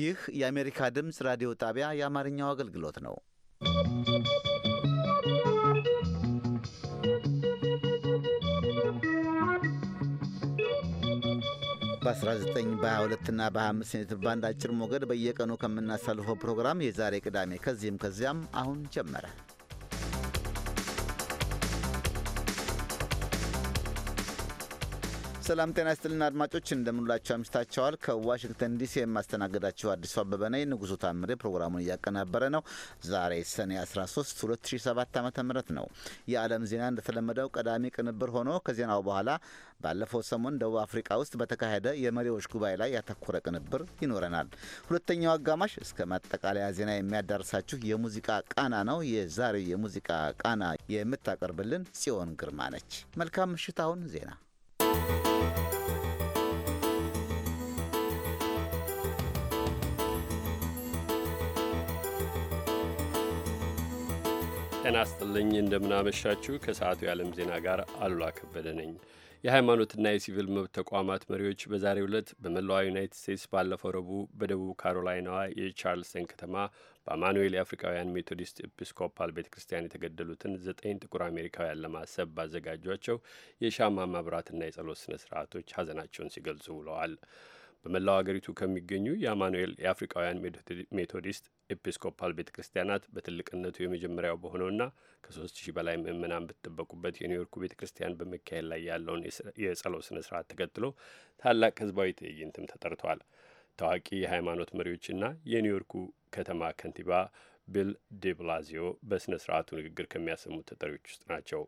ይህ የአሜሪካ ድምፅ ራዲዮ ጣቢያ የአማርኛው አገልግሎት ነው። በ19 22 በ25 ሜትር ባንድ አጭር ሞገድ በየቀኑ ከምናሳልፈው ፕሮግራም የዛሬ ቅዳሜ ከዚህም ከዚያም አሁን ጀመረ። ሰላም ጤና ስጥልና አድማጮች እንደምንላቸው አምሽታቸዋል። ከዋሽንግተን ዲሲ የማስተናገዳቸው አዲሱ አበበ ነኝ። ንጉሱ ታምሬ ፕሮግራሙን እያቀናበረ ነው። ዛሬ ሰኔ 13 2007 ዓ ም ነው። የዓለም ዜና እንደተለመደው ቀዳሚ ቅንብር ሆኖ ከዜናው በኋላ ባለፈው ሰሞን ደቡብ አፍሪካ ውስጥ በተካሄደ የመሪዎች ጉባኤ ላይ ያተኮረ ቅንብር ይኖረናል። ሁለተኛው አጋማሽ እስከ ማጠቃለያ ዜና የሚያዳርሳችሁ የሙዚቃ ቃና ነው። የዛሬ የሙዚቃ ቃና የምታቀርብልን ጽዮን ግርማ ነች። መልካም ምሽት። አሁን ዜና ጤና ስጥልኝ። እንደምናመሻችሁ ከሰዓቱ የዓለም ዜና ጋር አሉላ ከበደ ነኝ። የሃይማኖትና የሲቪል መብት ተቋማት መሪዎች በዛሬው ዕለት በመላዋ ዩናይትድ ስቴትስ ባለፈው ረቡዕ በደቡብ ካሮላይናዋ የቻርልስተን ከተማ በአማኑኤል የአፍሪካውያን ሜቶዲስት ኤፒስኮፓል ቤተ ክርስቲያን የተገደሉትን ዘጠኝ ጥቁር አሜሪካውያን ለማሰብ ባዘጋጇቸው የሻማ ማብራትና የጸሎት ስነ ስርዓቶች ሀዘናቸውን ሲገልጹ ውለዋል። በመላው አገሪቱ ከሚገኙ የአማኑኤል የአፍሪካውያን ሜቶዲስት ኤጲስኮፓል ቤተ ክርስቲያናት በትልቅነቱ የመጀመሪያው በሆነውና 3 ሺህ በላይ ምእመናን በተጠበቁበት የኒውዮርኩ ቤተ ክርስቲያን በመካሄድ ላይ ያለውን የጸሎት ስነ ስርዓት ተከትሎ ታላቅ ህዝባዊ ትዕይንትም ተጠርቷል። ታዋቂ የሃይማኖት መሪዎችና የኒውዮርኩ ከተማ ከንቲባ ቢል ዴብላዚዮ በስነ ስርዓቱ ንግግር ከሚያሰሙት ተጠሪዎች ውስጥ ናቸው።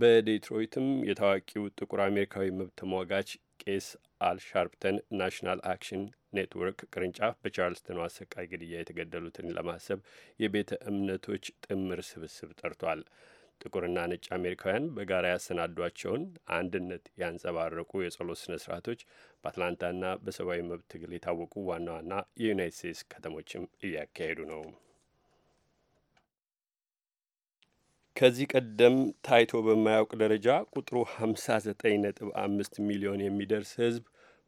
በዴትሮይትም የታዋቂው ጥቁር አሜሪካዊ መብት ተሟጋች ቄስ አል ሻርፕተን ናሽናል አክሽን ኔትወርክ ቅርንጫፍ በቻርልስተን አሰቃይ ግድያ የተገደሉትን ለማሰብ የቤተ እምነቶች ጥምር ስብስብ ጠርቷል። ጥቁርና ነጭ አሜሪካውያን በጋራ ያሰናዷቸውን አንድነት ያንጸባረቁ የጸሎት ስነ ስርዓቶች በአትላንታና በሰብአዊ መብት ትግል የታወቁ ዋና ዋና የዩናይት ስቴትስ ከተሞችም እያካሄዱ ነው። ከዚህ ቀደም ታይቶ በማያውቅ ደረጃ ቁጥሩ 59.5 ሚሊዮን የሚደርስ ህዝብ።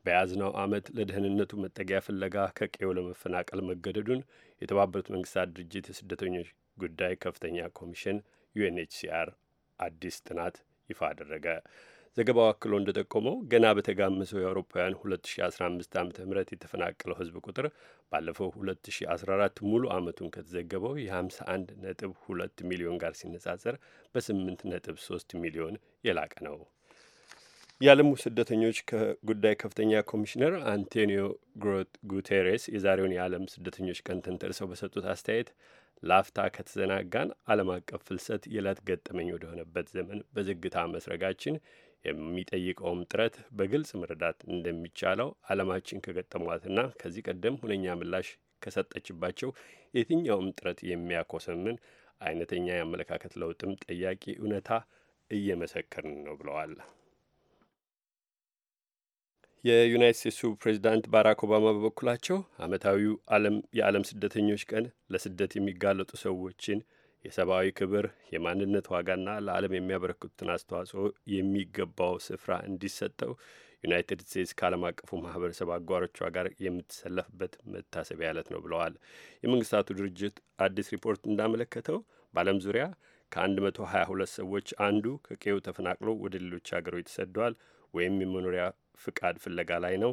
በያዝነው ዓመት ለደህንነቱ መጠጊያ ፍለጋ ከቀዬው ለመፈናቀል መገደዱን የተባበሩት መንግስታት ድርጅት የስደተኞች ጉዳይ ከፍተኛ ኮሚሽን ዩኤንኤችሲአር አዲስ ጥናት ይፋ አደረገ። ዘገባው አክሎ እንደጠቆመው ገና በተጋመሰው የአውሮፓውያን 2015 ዓ ም የተፈናቀለው ህዝብ ቁጥር ባለፈው 2014 ሙሉ ዓመቱን ከተዘገበው የ51 ነጥብ 2 ሚሊዮን ጋር ሲነጻጸር በ8 ነጥብ 3 ሚሊዮን የላቀ ነው። የዓለሙ ስደተኞች ጉዳይ ከፍተኛ ኮሚሽነር አንቶኒዮ ግሮት ጉቴሬስ የዛሬውን የዓለም ስደተኞች ቀን ተንተርሰው በሰጡት አስተያየት ላፍታ ከተዘናጋን ዓለም አቀፍ ፍልሰት የዕለት ገጠመኝ ወደሆነበት ዘመን በዝግታ መስረጋችን የሚጠይቀውም ጥረት በግልጽ መረዳት እንደሚቻለው ዓለማችን ከገጠሟትና ከዚህ ቀደም ሁነኛ ምላሽ ከሰጠችባቸው የትኛውም ጥረት የሚያኮሰምን አይነተኛ የአመለካከት ለውጥም ጠያቂ እውነታ እየመሰከርን ነው ብለዋል። የዩናይት ስቴትሱ ፕሬዚዳንት ባራክ ኦባማ በበኩላቸው አመታዊው ዓለም የዓለም ስደተኞች ቀን ለስደት የሚጋለጡ ሰዎችን የሰብአዊ ክብር፣ የማንነት ዋጋና ለዓለም የሚያበረክቱትን አስተዋጽኦ የሚገባው ስፍራ እንዲሰጠው ዩናይትድ ስቴትስ ከዓለም አቀፉ ማህበረሰብ አጓሮቿ ጋር የምትሰለፍበት መታሰቢያ ዕለት ነው ብለዋል። የመንግስታቱ ድርጅት አዲስ ሪፖርት እንዳመለከተው በዓለም ዙሪያ ከ122 ሰዎች አንዱ ከቀዬው ተፈናቅሎ ወደ ሌሎች ሀገሮች ተሰደዋል ወይም የመኖሪያ ፍቃድ ፍለጋ ላይ ነው፣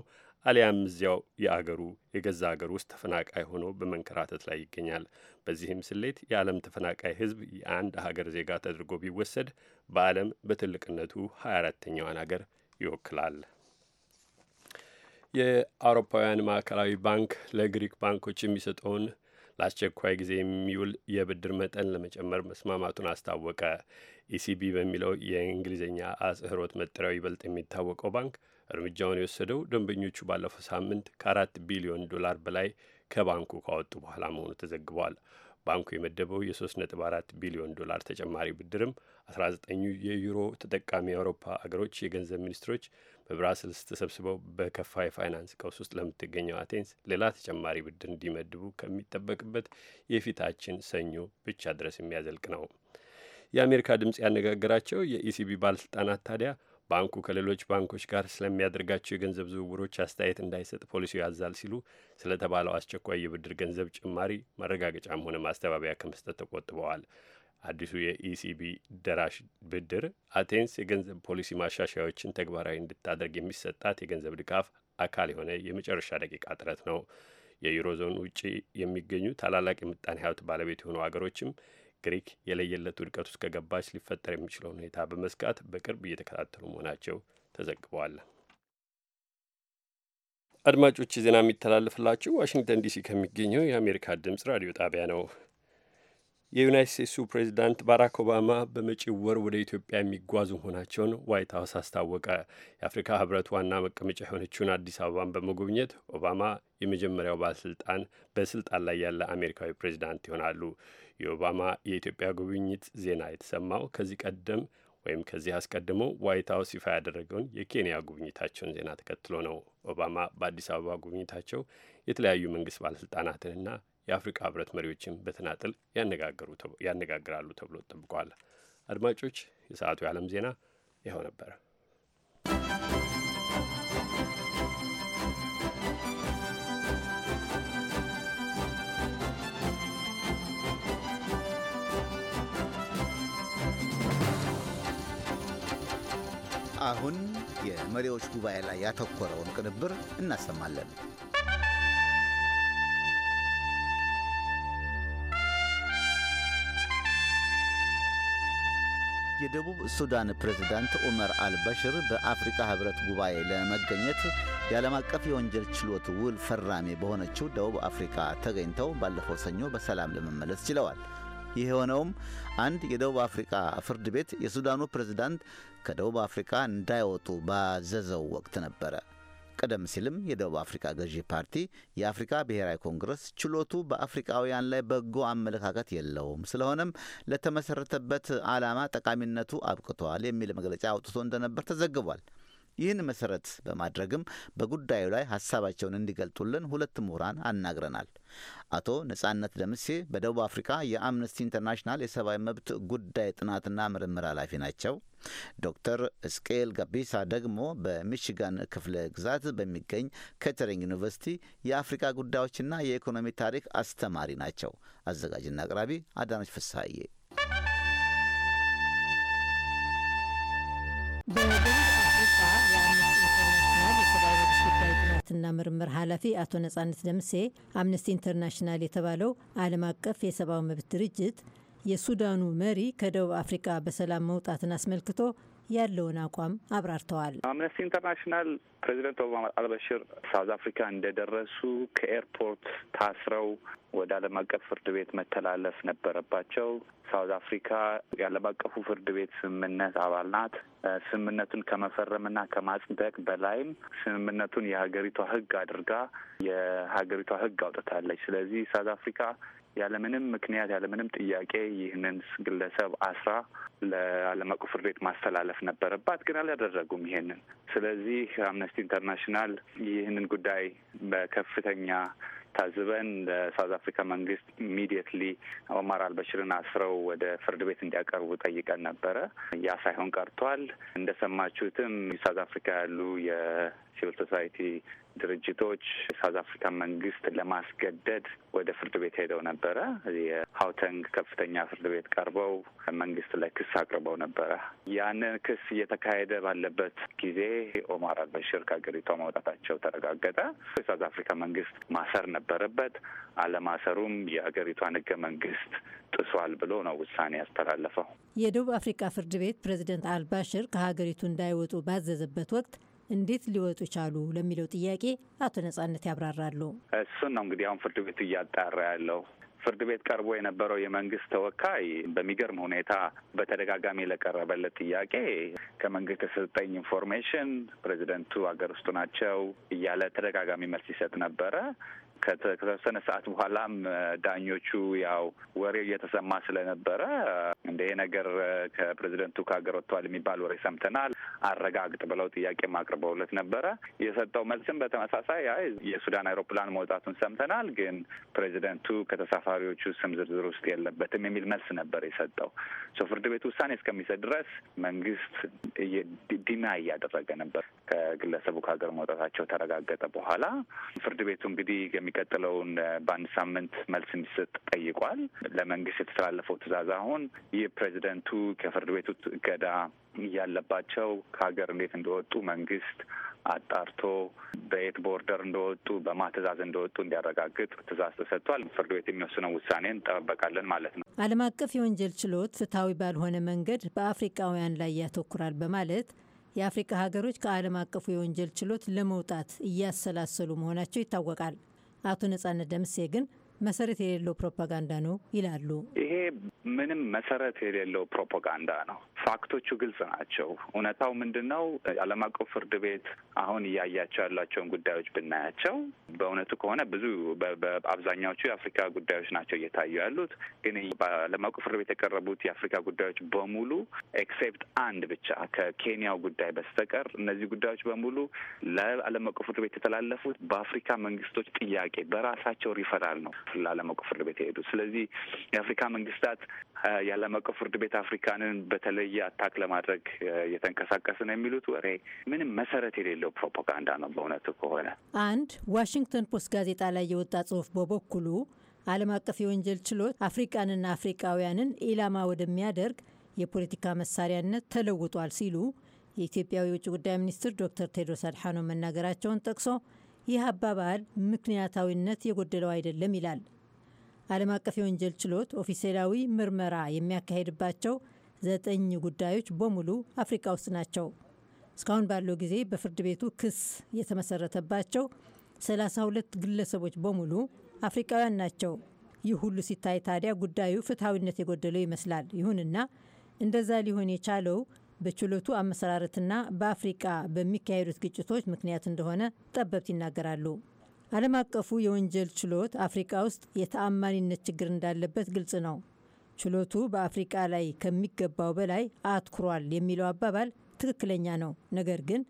አሊያም እዚያው የአገሩ የገዛ አገር ውስጥ ተፈናቃይ ሆኖ በመንከራተት ላይ ይገኛል። በዚህም ስሌት የዓለም ተፈናቃይ ሕዝብ የአንድ ሀገር ዜጋ ተደርጎ ቢወሰድ በዓለም በትልቅነቱ 24ተኛዋን ሀገር ይወክላል። የአውሮፓውያን ማዕከላዊ ባንክ ለግሪክ ባንኮች የሚሰጠውን ለአስቸኳይ ጊዜ የሚውል የብድር መጠን ለመጨመር መስማማቱን አስታወቀ። ኢሲቢ በሚለው የእንግሊዝኛ አጽህሮት መጠሪያው ይበልጥ የሚታወቀው ባንክ እርምጃውን የወሰደው ደንበኞቹ ባለፈው ሳምንት ከአራት ቢሊዮን ዶላር በላይ ከባንኩ ካወጡ በኋላ መሆኑ ተዘግቧል። ባንኩ የመደበው የ3.4 ቢሊዮን ዶላር ተጨማሪ ብድርም 19ኙ የዩሮ ተጠቃሚ የአውሮፓ አገሮች የገንዘብ ሚኒስትሮች በብራስልስ ተሰብስበው በከፋ የፋይናንስ ቀውስ ውስጥ ለምትገኘው አቴንስ ሌላ ተጨማሪ ብድር እንዲመድቡ ከሚጠበቅበት የፊታችን ሰኞ ብቻ ድረስ የሚያዘልቅ ነው። የአሜሪካ ድምፅ ያነጋገራቸው የኢሲቢ ባለስልጣናት ታዲያ ባንኩ ከሌሎች ባንኮች ጋር ስለሚያደርጋቸው የገንዘብ ዝውውሮች አስተያየት እንዳይሰጥ ፖሊሲው ያዛል ሲሉ ስለተባለው አስቸኳይ የብድር ገንዘብ ጭማሪ ማረጋገጫም ሆነ ማስተባበያ ከመስጠት ተቆጥበዋል። አዲሱ የኢሲቢ ደራሽ ብድር አቴንስ የገንዘብ ፖሊሲ ማሻሻያዎችን ተግባራዊ እንድታደርግ የሚሰጣት የገንዘብ ድጋፍ አካል የሆነ የመጨረሻ ደቂቃ ጥረት ነው። የዩሮዞን ውጪ የሚገኙ ታላላቅ የምጣኔ ሀብት ባለቤት የሆኑ አገሮችም ግሪክ የለየለት ውድቀት ውስጥ ከገባች ሊፈጠር የሚችለው ሁኔታ በመስጋት በቅርብ እየተከታተሉ መሆናቸው ተዘግበዋል። አድማጮች ዜና የሚተላለፍላችሁ ዋሽንግተን ዲሲ ከሚገኘው የአሜሪካ ድምጽ ራዲዮ ጣቢያ ነው። የዩናይት ስቴትሱ ፕሬዚዳንት ባራክ ኦባማ በመጪው ወር ወደ ኢትዮጵያ የሚጓዙ መሆናቸውን ዋይት ሀውስ አስታወቀ። የአፍሪካ ህብረት ዋና መቀመጫ የሆነችውን አዲስ አበባን በመጎብኘት ኦባማ የመጀመሪያው ባለስልጣን በስልጣን ላይ ያለ አሜሪካዊ ፕሬዚዳንት ይሆናሉ። የኦባማ የኢትዮጵያ ጉብኝት ዜና የተሰማው ከዚህ ቀደም ወይም ከዚህ አስቀድሞ ዋይት ሀውስ ይፋ ያደረገውን የኬንያ ጉብኝታቸውን ዜና ተከትሎ ነው። ኦባማ በአዲስ አበባ ጉብኝታቸው የተለያዩ መንግስት ባለስልጣናትንና የአፍሪካ ህብረት መሪዎችን በተናጥል ያነጋግራሉ ተብሎ ጠብቋል። አድማጮች፣ የሰዓቱ የዓለም ዜና ይኸው ነበር። አሁን የመሪዎች ጉባኤ ላይ ያተኮረውን ቅንብር እናሰማለን። የደቡብ ሱዳን ፕሬዝዳንት ዑመር አልበሽር በአፍሪካ ህብረት ጉባኤ ለመገኘት የዓለም አቀፍ የወንጀል ችሎት ውል ፈራሚ በሆነችው ደቡብ አፍሪካ ተገኝተው ባለፈው ሰኞ በሰላም ለመመለስ ችለዋል። ይህ የሆነውም አንድ የደቡብ አፍሪካ ፍርድ ቤት የሱዳኑ ፕሬዝዳንት ከደቡብ አፍሪካ እንዳይወጡ ባዘዘው ወቅት ነበረ። ቀደም ሲልም የደቡብ አፍሪካ ገዢ ፓርቲ የአፍሪካ ብሔራዊ ኮንግረስ ችሎቱ በአፍሪካውያን ላይ በጎ አመለካከት የለውም፣ ስለሆነም ለተመሰረተበት ዓላማ ጠቃሚነቱ አብቅቷል የሚል መግለጫ አውጥቶ እንደነበር ተዘግቧል። ይህን መሰረት በማድረግም በጉዳዩ ላይ ሀሳባቸውን እንዲገልጡልን ሁለት ምሁራን አናግረናል። አቶ ነጻነት ደምሴ በደቡብ አፍሪካ የአምነስቲ ኢንተርናሽናል የሰብአዊ መብት ጉዳይ ጥናትና ምርምር ኃላፊ ናቸው። ዶክተር እስቅኤል ጋቢሳ ደግሞ በሚሽጋን ክፍለ ግዛት በሚገኝ ከተሪንግ ዩኒቨርሲቲ የአፍሪካ ጉዳዮችና የኢኮኖሚ ታሪክ አስተማሪ ናቸው። አዘጋጅና አቅራቢ አዳነች ፍሳዬ። ጥናትና ምርምር ኃላፊ አቶ ነጻነት ደምሴ አምነስቲ ኢንተርናሽናል የተባለው ዓለም አቀፍ የሰብአዊ መብት ድርጅት የሱዳኑ መሪ ከደቡብ አፍሪካ በሰላም መውጣትን አስመልክቶ ያለውን አቋም አብራርተዋል። አምነስቲ ኢንተርናሽናል ፕሬዚደንት ኦባማ አልበሽር ሳውዝ አፍሪካ እንደደረሱ ከኤርፖርት ታስረው ወደ ዓለም አቀፍ ፍርድ ቤት መተላለፍ ነበረባቸው። ሳውዝ አፍሪካ የዓለም አቀፉ ፍርድ ቤት ስምምነት አባል ናት። ስምምነቱን ከመፈረምና ከማጽደቅ በላይም ስምምነቱን የሀገሪቷ ሕግ አድርጋ የሀገሪቷ ሕግ አውጥታለች። ስለዚህ ሳውዝ አፍሪካ ያለምንም ምክንያት ያለምንም ጥያቄ ይህንን ግለሰብ አስራ ለዓለም አቀፉ ፍርድ ቤት ማስተላለፍ ነበረባት፣ ግን አላደረጉም ይሄንን። ስለዚህ አምነስቲ ኢንተርናሽናል ይህንን ጉዳይ በከፍተኛ ታዝበን ለሳውዝ አፍሪካ መንግስት ኢሚዲየትሊ ኦማር አልበሽርን አስረው ወደ ፍርድ ቤት እንዲያቀርቡ ጠይቀን ነበረ። ያ ሳይሆን ቀርቷል። እንደሰማችሁትም ሳውዝ አፍሪካ ያሉ የሲቪል ሶሳይቲ ድርጅቶች ሳውዝ አፍሪካ መንግስት ለማስገደድ ወደ ፍርድ ቤት ሄደው ነበረ። የሀውተንግ ከፍተኛ ፍርድ ቤት ቀርበው መንግስት ላይ ክስ አቅርበው ነበረ። ያንን ክስ እየተካሄደ ባለበት ጊዜ ኦማር አልበሽር ከሀገሪቷ መውጣታቸው ተረጋገጠ። የሳውዝ አፍሪካ መንግስት ማሰር ነበረበት። አለማሰሩም የሀገሪቷን ህገ መንግስት ጥሷል ብሎ ነው ውሳኔ ያስተላለፈው። የደቡብ አፍሪካ ፍርድ ቤት ፕሬዚደንት አልባሽር ከሀገሪቱ እንዳይወጡ ባዘዘበት ወቅት እንዴት ሊወጡ ቻሉ ለሚለው ጥያቄ አቶ ነጻነት ያብራራሉ። እሱን ነው እንግዲህ አሁን ፍርድ ቤቱ እያጣራ ያለው። ፍርድ ቤት ቀርቦ የነበረው የመንግስት ተወካይ በሚገርም ሁኔታ በተደጋጋሚ ለቀረበለት ጥያቄ ከመንግስት የተሰጠኝ ኢንፎርሜሽን ፕሬዚደንቱ ሀገር ውስጡ ናቸው እያለ ተደጋጋሚ መልስ ይሰጥ ነበረ። ከተወሰነ ሰዓት በኋላም ዳኞቹ ያው ወሬው እየተሰማ ስለነበረ እንደ ይሄ ነገር ከፕሬዚደንቱ ከሀገር ወጥተዋል የሚባል ወሬ ሰምተናል፣ አረጋግጥ ብለው ጥያቄ ማቅርበውለት ነበረ። የሰጠው መልስም በተመሳሳይ አይ የሱዳን አይሮፕላን መውጣቱን ሰምተናል፣ ግን ፕሬዚደንቱ ከተሳፋሪዎቹ ስም ዝርዝር ውስጥ የለበትም የሚል መልስ ነበር የሰጠው። ፍርድ ቤት ውሳኔ እስከሚሰጥ ድረስ መንግስት ዲና እያደረገ ነበር። ከግለሰቡ ከሀገር መውጣታቸው ተረጋገጠ በኋላ ፍርድ ቤቱ እንግዲህ የሚቀጥለውን በአንድ ሳምንት መልስ እንዲሰጥ ጠይቋል። ለመንግስት የተተላለፈው ትዕዛዝ አሁን ይህ ፕሬዚደንቱ ከፍርድ ቤቱ እገዳ እያለባቸው ከሀገር እንዴት እንደወጡ መንግስት አጣርቶ በየት ቦርደር እንደወጡ በማን እንደወጡ እንዲያረጋግጥ ትእዛዝ ተሰጥቷል። ፍርድ ቤት የሚወስነው ውሳኔ እንጠበቃለን ማለት ነው። ዓለም አቀፍ የወንጀል ችሎት ፍትሐዊ ባልሆነ መንገድ በአፍሪቃውያን ላይ ያተኩራል በማለት የአፍሪካ ሀገሮች ከዓለም አቀፉ የወንጀል ችሎት ለመውጣት እያሰላሰሉ መሆናቸው ይታወቃል። አቶ ነጻነት ደምሴ ግን መሰረት የሌለው ፕሮፓጋንዳ ነው ይላሉ። ይሄ ምንም መሰረት የሌለው ፕሮፓጋንዳ ነው። ፋክቶቹ ግልጽ ናቸው። እውነታው ምንድን ነው? ዓለም አቀፍ ፍርድ ቤት አሁን እያያቸው ያሏቸውን ጉዳዮች ብናያቸው በእውነቱ ከሆነ ብዙ በአብዛኛዎቹ የአፍሪካ ጉዳዮች ናቸው እየታዩ ያሉት። ግን በዓለም አቀፍ ፍርድ ቤት የቀረቡት የአፍሪካ ጉዳዮች በሙሉ ኤክሴፕት አንድ ብቻ ከኬንያው ጉዳይ በስተቀር እነዚህ ጉዳዮች በሙሉ ለዓለም አቀፍ ፍርድ ቤት የተላለፉት በአፍሪካ መንግስቶች ጥያቄ በራሳቸው ሪፈራል ነው። ለዓለም አቀፍ ፍርድ ቤት የሄዱት። ስለዚህ የአፍሪካ መንግስታት የዓለም አቀፍ ፍርድ ቤት አፍሪካንን በተለየ አታክ ለማድረግ እየተንቀሳቀስ ነው የሚሉት ወሬ ምንም መሰረት የሌለው ፕሮፓጋንዳ ነው። በእውነቱ ከሆነ አንድ ዋሽንግተን ፖስት ጋዜጣ ላይ የወጣ ጽሁፍ በበኩሉ ዓለም አቀፍ የወንጀል ችሎት አፍሪቃንና አፍሪቃውያንን ኢላማ ወደሚያደርግ የፖለቲካ መሳሪያነት ተለውጧል ሲሉ የኢትዮጵያ የውጭ ጉዳይ ሚኒስትር ዶክተር ቴድሮስ አድሓኖም መናገራቸውን ጠቅሶ ይህ አባባል ምክንያታዊነት የጎደለው አይደለም ይላል። ዓለም አቀፍ የወንጀል ችሎት ኦፊሴላዊ ምርመራ የሚያካሄድባቸው ዘጠኝ ጉዳዮች በሙሉ አፍሪካ ውስጥ ናቸው። እስካሁን ባለው ጊዜ በፍርድ ቤቱ ክስ የተመሰረተባቸው 32 ግለሰቦች በሙሉ አፍሪካውያን ናቸው። ይህ ሁሉ ሲታይ ታዲያ ጉዳዩ ፍትሐዊነት የጎደለው ይመስላል። ይሁንና እንደዛ ሊሆን የቻለው በችሎቱ አመሰራረትና በአፍሪቃ በሚካሄዱት ግጭቶች ምክንያት እንደሆነ ጠበብት ይናገራሉ። ዓለም አቀፉ የወንጀል ችሎት አፍሪቃ ውስጥ የተአማኒነት ችግር እንዳለበት ግልጽ ነው። ችሎቱ በአፍሪቃ ላይ ከሚገባው በላይ አትኩሯል የሚለው አባባል ትክክለኛ ነው። ነገር ግን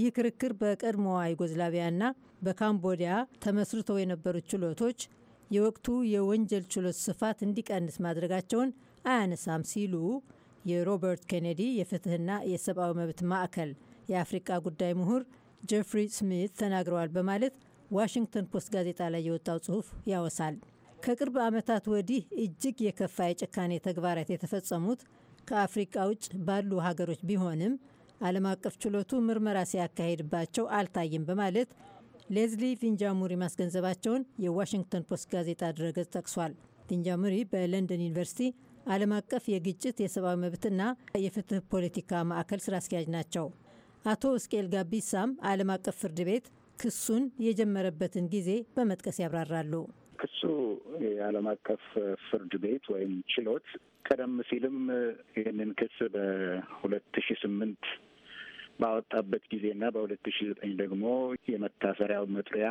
ይህ ክርክር በቀድሞዋ ዩጎዝላቪያና በካምቦዲያ ተመስርተው የነበሩት ችሎቶች የወቅቱ የወንጀል ችሎት ስፋት እንዲቀንስ ማድረጋቸውን አያነሳም ሲሉ የሮበርት ኬኔዲ የፍትህና የሰብአዊ መብት ማዕከል የአፍሪቃ ጉዳይ ምሁር ጀፍሪ ስሚት ተናግረዋል በማለት ዋሽንግተን ፖስት ጋዜጣ ላይ የወጣው ጽሑፍ ያወሳል። ከቅርብ ዓመታት ወዲህ እጅግ የከፋ የጭካኔ ተግባራት የተፈጸሙት ከአፍሪቃ ውጭ ባሉ ሀገሮች ቢሆንም ዓለም አቀፍ ችሎቱ ምርመራ ሲያካሄድባቸው አልታይም በማለት ሌዝሊ ቪንጃሙሪ ማስገንዘባቸውን የዋሽንግተን ፖስት ጋዜጣ ድረገጽ ጠቅሷል። ቪንጃሙሪ በለንደን ዩኒቨርሲቲ ዓለም አቀፍ የግጭት የሰብአዊ መብትና የፍትህ ፖለቲካ ማዕከል ስራ አስኪያጅ ናቸው። አቶ እስቅኤል ጋቢሳም ዓለም አቀፍ ፍርድ ቤት ክሱን የጀመረበትን ጊዜ በመጥቀስ ያብራራሉ። ክሱ የዓለም አቀፍ ፍርድ ቤት ወይም ችሎት ቀደም ሲልም ይህንን ክስ በሁለት ሺ ስምንት ባወጣበት ጊዜና በሁለት ሺ ዘጠኝ ደግሞ የመታሰሪያው መጥሪያ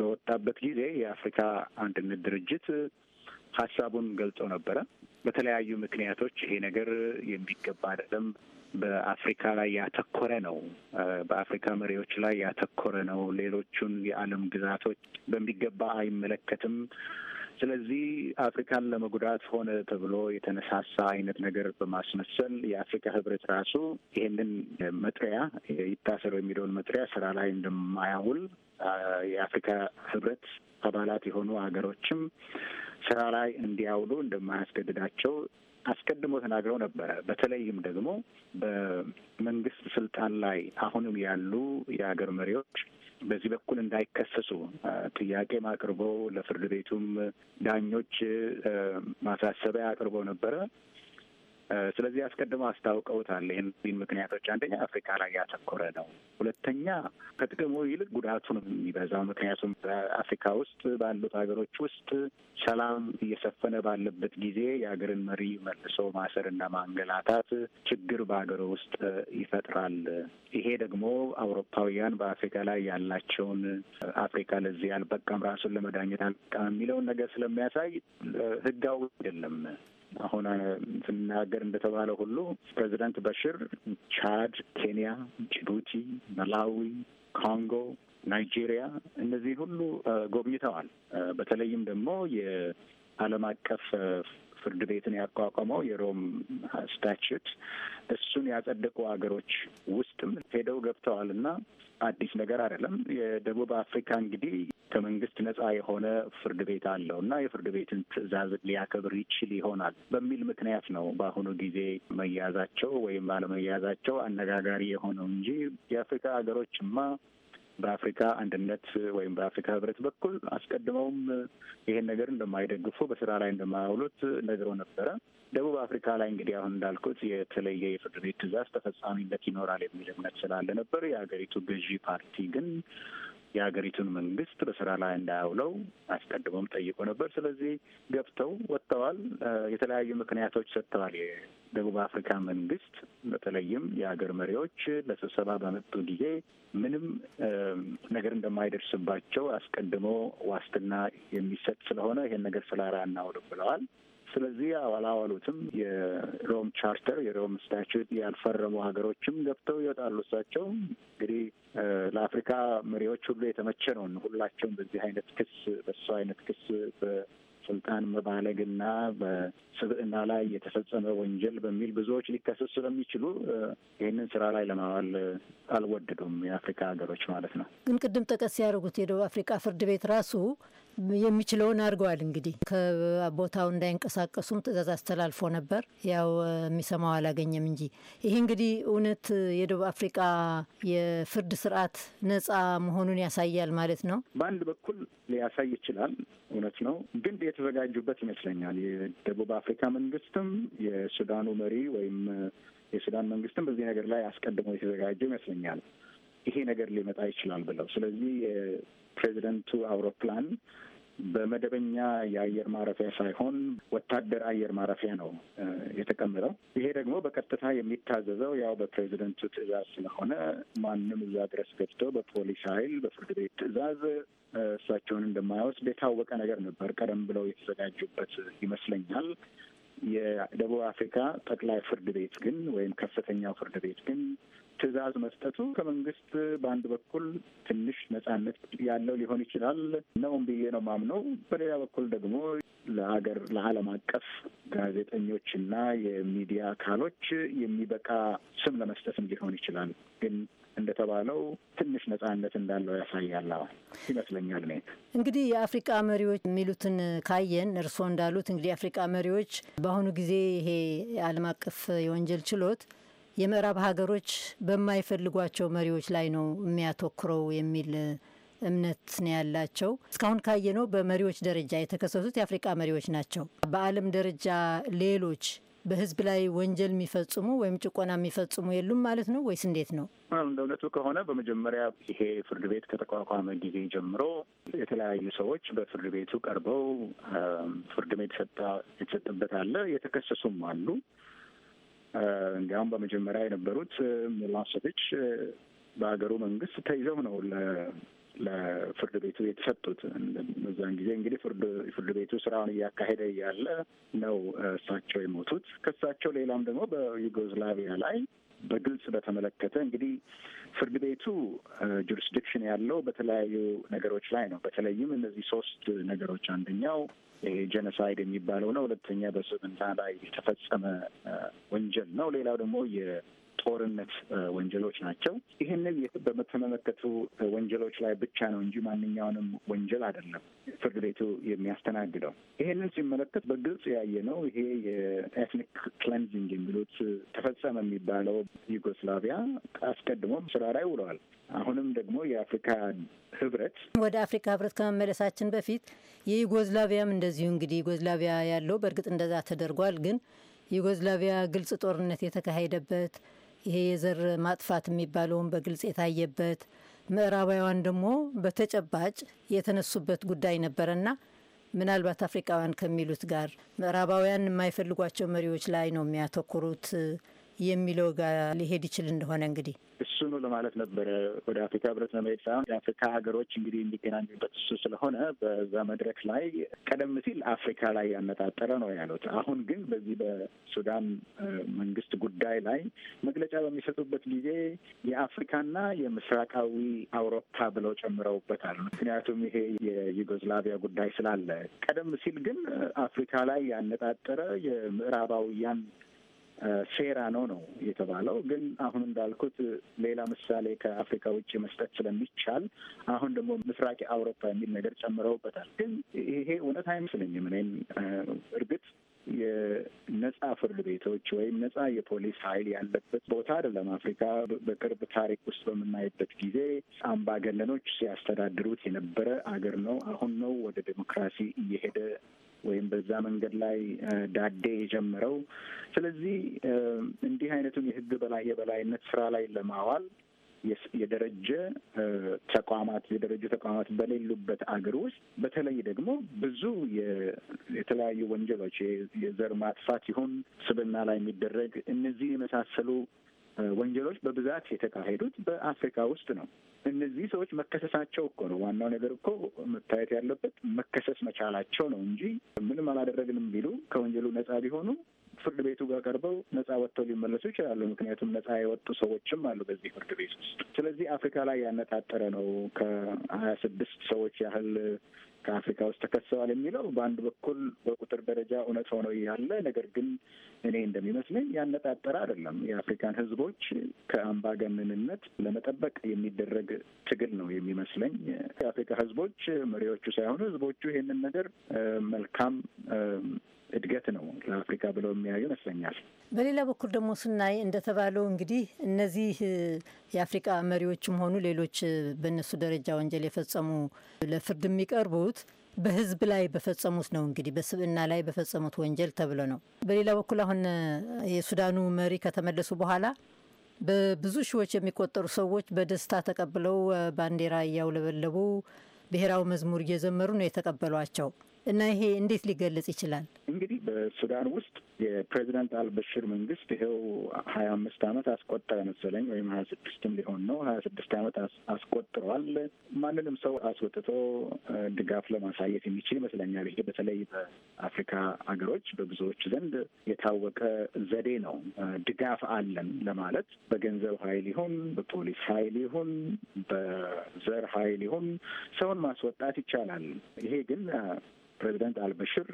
በወጣበት ጊዜ የአፍሪካ አንድነት ድርጅት ሀሳቡን ገልጾ ነበረ። በተለያዩ ምክንያቶች ይሄ ነገር የሚገባ አይደለም፣ በአፍሪካ ላይ ያተኮረ ነው፣ በአፍሪካ መሪዎች ላይ ያተኮረ ነው፣ ሌሎቹን የዓለም ግዛቶች በሚገባ አይመለከትም። ስለዚህ አፍሪካን ለመጉዳት ሆነ ተብሎ የተነሳሳ አይነት ነገር በማስመሰል የአፍሪካ ሕብረት ራሱ ይህንን መጥሪያ ይታሰሩ የሚለውን መጥሪያ ስራ ላይ እንደማያውል የአፍሪካ ሕብረት አባላት የሆኑ ሀገሮችም ስራ ላይ እንዲያውሉ እንደማያስገድዳቸው አስቀድሞ ተናግረው ነበረ። በተለይም ደግሞ በመንግስት ስልጣን ላይ አሁንም ያሉ የሀገር መሪዎች በዚህ በኩል እንዳይከሰሱ ጥያቄም አቅርበው ለፍርድ ቤቱም ዳኞች ማሳሰቢያ አቅርበው ነበረ። ስለዚህ አስቀድመው አስታውቀውታል። ይህን ምክንያቶች አንደኛ አፍሪካ ላይ ያተኮረ ነው። ሁለተኛ ከጥቅሙ ይልቅ ጉዳቱ ነው የሚበዛው። ምክንያቱም በአፍሪካ ውስጥ ባሉት ሀገሮች ውስጥ ሰላም እየሰፈነ ባለበት ጊዜ የሀገርን መሪ መልሶ ማሰር እና ማንገላታት ችግር በሀገር ውስጥ ይፈጥራል። ይሄ ደግሞ አውሮፓውያን በአፍሪካ ላይ ያላቸውን አፍሪካ ለዚህ አልበቃም፣ ራሱን ለመዳኘት አልበቃም የሚለውን ነገር ስለሚያሳይ ህጋዊ አይደለም። አሁን ስንናገር እንደተባለ ሁሉ ፕሬዚደንት በሽር ቻድ፣ ኬንያ፣ ጅቡቲ፣ መላዊ፣ ኮንጎ ናይጄሪያ እነዚህ ሁሉ ጎብኝተዋል። በተለይም ደግሞ የዓለም አቀፍ ፍርድ ቤትን ያቋቋመው የሮም ስታችት እሱን ያጸደቁ ሀገሮች ውስጥም ሄደው ገብተዋል እና አዲስ ነገር አይደለም። የደቡብ አፍሪካ እንግዲህ ከመንግስት ነጻ የሆነ ፍርድ ቤት አለው እና የፍርድ ቤትን ትዕዛዝ ሊያከብር ይችል ይሆናል በሚል ምክንያት ነው በአሁኑ ጊዜ መያዛቸው ወይም ባለመያዛቸው አነጋጋሪ የሆነው እንጂ የአፍሪካ ሀገሮችማ በአፍሪካ አንድነት ወይም በአፍሪካ ህብረት በኩል አስቀድመውም ይሄን ነገር እንደማይደግፉ በስራ ላይ እንደማያውሉት ነግሮ ነበረ። ደቡብ አፍሪካ ላይ እንግዲህ አሁን እንዳልኩት የተለየ የፍርድ ቤት ትዕዛዝ ተፈጻሚነት ይኖራል የሚል እምነት ስላለ ነበር። የሀገሪቱ ገዢ ፓርቲ ግን የሀገሪቱን መንግስት በስራ ላይ እንዳያውለው አስቀድሞም ጠይቆ ነበር። ስለዚህ ገብተው ወጥተዋል። የተለያዩ ምክንያቶች ሰጥተዋል። የደቡብ አፍሪካ መንግስት በተለይም የሀገር መሪዎች ለስብሰባ በመጡ ጊዜ ምንም ነገር እንደማይደርስባቸው አስቀድሞ ዋስትና የሚሰጥ ስለሆነ ይሄን ነገር ስራ እናውልም ብለዋል። ስለዚህ አላዋሉትም። የሮም ቻርተር የሮም ስታቹት ያልፈረሙ ሀገሮችም ገብተው ይወጣሉ። እሳቸው እንግዲህ ለአፍሪካ መሪዎች ሁሉ የተመቸ ነው። ሁላቸውም በዚህ አይነት ክስ በሱ አይነት ክስ ስልጣን መባለግና በስብዕና ላይ የተፈጸመ ወንጀል በሚል ብዙዎች ሊከሰሱ ስለሚችሉ ይህንን ስራ ላይ ለማዋል አልወደዱም፣ የአፍሪካ ሀገሮች ማለት ነው። ግን ቅድም ጠቀስ ያደርጉት የደቡብ አፍሪካ ፍርድ ቤት ራሱ የሚችለውን አድርገዋል። እንግዲህ ከቦታው እንዳይንቀሳቀሱም ትዕዛዝ አስተላልፎ ነበር። ያው የሚሰማው አላገኘም እንጂ ይህ እንግዲህ እውነት የደቡብ አፍሪቃ የፍርድ ስርዓት ነጻ መሆኑን ያሳያል ማለት ነው። በአንድ በኩል ሊያሳይ ይችላል፣ እውነት ነው። ግን የተዘጋጁበት ይመስለኛል። የደቡብ አፍሪካ መንግስትም የሱዳኑ መሪ ወይም የሱዳን መንግስትም በዚህ ነገር ላይ አስቀድሞ የተዘጋጀው ይመስለኛል ይሄ ነገር ሊመጣ ይችላል ብለው ስለዚህ ፕሬዚደንቱ አውሮፕላን በመደበኛ የአየር ማረፊያ ሳይሆን ወታደር አየር ማረፊያ ነው የተቀመጠው። ይሄ ደግሞ በቀጥታ የሚታዘዘው ያው በፕሬዚደንቱ ትዕዛዝ ስለሆነ ማንም እዛ ድረስ ገብቶ በፖሊስ ኃይል በፍርድ ቤት ትዕዛዝ እሳቸውን እንደማይወስድ የታወቀ ነገር ነበር። ቀደም ብለው የተዘጋጁበት ይመስለኛል። የደቡብ አፍሪካ ጠቅላይ ፍርድ ቤት ግን ወይም ከፍተኛው ፍርድ ቤት ግን ትዕዛዝ መስጠቱ ከመንግስት በአንድ በኩል ትንሽ ነጻነት ያለው ሊሆን ይችላል ነውም ብዬ ነው ማምነው። በሌላ በኩል ደግሞ ለሀገር ለዓለም አቀፍ ጋዜጠኞችና የሚዲያ አካሎች የሚበቃ ስም ለመስጠትም ሊሆን ይችላል ግን እንደተባለው ትንሽ ነጻነት እንዳለው ያሳያል ይመስለኛል። እኔ እንግዲህ የአፍሪቃ መሪዎች የሚሉትን ካየን እርስዎ እንዳሉት እንግዲህ የአፍሪቃ መሪዎች በአሁኑ ጊዜ ይሄ የዓለም አቀፍ የወንጀል ችሎት የምዕራብ ሀገሮች በማይፈልጓቸው መሪዎች ላይ ነው የሚያተኩረው የሚል እምነት ነው ያላቸው። እስካሁን ካየነው በመሪዎች ደረጃ የተከሰሱት የአፍሪቃ መሪዎች ናቸው። በዓለም ደረጃ ሌሎች በህዝብ ላይ ወንጀል የሚፈጽሙ ወይም ጭቆና የሚፈጽሙ የሉም ማለት ነው ወይስ እንዴት ነው? እንደ እውነቱ ከሆነ በመጀመሪያ ይሄ ፍርድ ቤት ከተቋቋመ ጊዜ ጀምሮ የተለያዩ ሰዎች በፍርድ ቤቱ ቀርበው ፍርድ ቤት የተሰጠበት አለ፣ የተከሰሱም አሉ። እንዲያውም በመጀመሪያ የነበሩት ሚሎሴቪች በሀገሩ መንግስት ተይዘው ነው ለፍርድ ቤቱ የተሰጡት። እዛን ጊዜ እንግዲህ ፍርድ ቤቱ ስራውን እያካሄደ እያለ ነው እሳቸው የሞቱት። ከእሳቸው ሌላም ደግሞ በዩጎዝላቪያ ላይ በግልጽ በተመለከተ እንግዲህ ፍርድ ቤቱ ጁሪስዲክሽን ያለው በተለያዩ ነገሮች ላይ ነው። በተለይም እነዚህ ሶስት ነገሮች አንደኛው ጀነሳይድ የሚባለው ነው። ሁለተኛ በሰብእና ላይ የተፈጸመ ወንጀል ነው። ሌላው ደግሞ ጦርነት ወንጀሎች ናቸው። ይህንን በተመለከቱ ወንጀሎች ላይ ብቻ ነው እንጂ ማንኛውንም ወንጀል አይደለም ፍርድ ቤቱ የሚያስተናግደው። ይህንን ሲመለከት በግልጽ ያየ ነው። ይሄ የኤትኒክ ክለንዚንግ የሚሉት ተፈጸመ የሚባለው ዩጎስላቪያ አስቀድሞ ስራ ላይ ውለዋል። አሁንም ደግሞ የአፍሪካ ህብረት ወደ አፍሪካ ህብረት ከመመለሳችን በፊት የዩጎዝላቪያም እንደዚሁ እንግዲህ ዩጎዝላቪያ ያለው በእርግጥ እንደዛ ተደርጓል። ግን ዩጎዝላቪያ ግልጽ ጦርነት የተካሄደበት ይሄ የዘር ማጥፋት የሚባለውን በግልጽ የታየበት ምዕራባውያን ደግሞ በተጨባጭ የተነሱበት ጉዳይ ነበረና ምናልባት አፍሪቃውያን ከሚሉት ጋር ምዕራባውያን የማይፈልጓቸው መሪዎች ላይ ነው የሚያተኩሩት የሚለው ጋር ሊሄድ ይችል እንደሆነ እንግዲህ እሱኑ ለማለት ነበረ። ወደ አፍሪካ ህብረት ለመሄድ ሳይሆን የአፍሪካ ሀገሮች እንግዲህ የሚገናኙበት እሱ ስለሆነ በዛ መድረክ ላይ ቀደም ሲል አፍሪካ ላይ ያነጣጠረ ነው ያሉት። አሁን ግን በዚህ በሱዳን መንግስት ጉዳይ ላይ መግለጫ በሚሰጡበት ጊዜ የአፍሪካና የምስራቃዊ አውሮፓ ብለው ጨምረውበታል። ምክንያቱም ይሄ የዩጎዝላቪያ ጉዳይ ስላለ፣ ቀደም ሲል ግን አፍሪካ ላይ ያነጣጠረ የምዕራባውያን ሴራ ነው ነው የተባለው። ግን አሁን እንዳልኩት ሌላ ምሳሌ ከአፍሪካ ውጭ መስጠት ስለሚቻል አሁን ደግሞ ምስራቅ አውሮፓ የሚል ነገር ጨምረውበታል። ግን ይሄ እውነት አይመስለኝም። እኔም እርግጥ የነጻ ፍርድ ቤቶች ወይም ነጻ የፖሊስ ኃይል ያለበት ቦታ አይደለም አፍሪካ። በቅርብ ታሪክ ውስጥ በምናይበት ጊዜ አምባገነኖች ሲያስተዳድሩት የነበረ አገር ነው። አሁን ነው ወደ ዴሞክራሲ እየሄደ ወይም በዛ መንገድ ላይ ዳዴ የጀመረው። ስለዚህ እንዲህ አይነቱን የህግ በላይ የበላይነት ስራ ላይ ለማዋል የደረጀ ተቋማት የደረጀ ተቋማት በሌሉበት አገር ውስጥ በተለይ ደግሞ ብዙ የተለያዩ ወንጀሎች የዘር ማጥፋት ይሁን ስብና ላይ የሚደረግ እነዚህ የመሳሰሉ ወንጀሎች በብዛት የተካሄዱት በአፍሪካ ውስጥ ነው። እነዚህ ሰዎች መከሰሳቸው እኮ ነው ዋናው ነገር እኮ መታየት ያለበት መከሰስ መቻላቸው ነው እንጂ ምንም አላደረግንም ቢሉ ከወንጀሉ ነጻ ቢሆኑ ፍርድ ቤቱ ጋር ቀርበው ነጻ ወጥተው ሊመለሱ ይችላሉ። ምክንያቱም ነጻ የወጡ ሰዎችም አሉ በዚህ ፍርድ ቤት ውስጥ። ስለዚህ አፍሪካ ላይ ያነጣጠረ ነው። ከሀያ ስድስት ሰዎች ያህል ከአፍሪካ ውስጥ ተከሰዋል የሚለው በአንድ በኩል በቁጥር ደረጃ እውነት ሆኖ ያለ ነገር ግን እኔ እንደሚመስለኝ ያነጣጠረ አይደለም። የአፍሪካን ሕዝቦች ከአምባገነንነት ለመጠበቅ የሚደረግ ትግል ነው የሚመስለኝ። የአፍሪካ ሕዝቦች መሪዎቹ ሳይሆኑ ሕዝቦቹ ይህንን ነገር መልካም እድገት ነው ለአፍሪካ ብለው የሚያዩ ይመስለኛል። በሌላ በኩል ደግሞ ስናይ እንደተባለው እንግዲህ እነዚህ የአፍሪካ መሪዎችም ሆኑ ሌሎች በእነሱ ደረጃ ወንጀል የፈጸሙ ለፍርድ የሚቀርቡት በህዝብ ላይ በፈጸሙት ነው እንግዲህ በስብዕና ላይ በፈጸሙት ወንጀል ተብሎ ነው። በሌላ በኩል አሁን የሱዳኑ መሪ ከተመለሱ በኋላ በብዙ ሺዎች የሚቆጠሩ ሰዎች በደስታ ተቀብለው ባንዲራ እያውለበለቡ ብሔራዊ መዝሙር እየዘመሩ ነው የተቀበሏቸው። እና ይሄ እንዴት ሊገለጽ ይችላል? እንግዲህ በሱዳን ውስጥ የፕሬዚዳንት አልበሽር መንግስት ይኸው ሀያ አምስት አመት አስቆጠረ መሰለኝ ወይም ሀያ ስድስትም ሊሆን ነው። ሀያ ስድስት አመት አስቆጥረዋል። ማንንም ሰው አስወጥቶ ድጋፍ ለማሳየት የሚችል ይመስለኛል። ይሄ በተለይ በአፍሪካ ሀገሮች በብዙዎች ዘንድ የታወቀ ዘዴ ነው። ድጋፍ አለን ለማለት በገንዘብ ኃይል ይሁን በፖሊስ ኃይል ይሁን በዘር ኃይል ይሁን ሰውን ማስወጣት ይቻላል። ይሄ ግን ፕሬዚደንት አልበሽር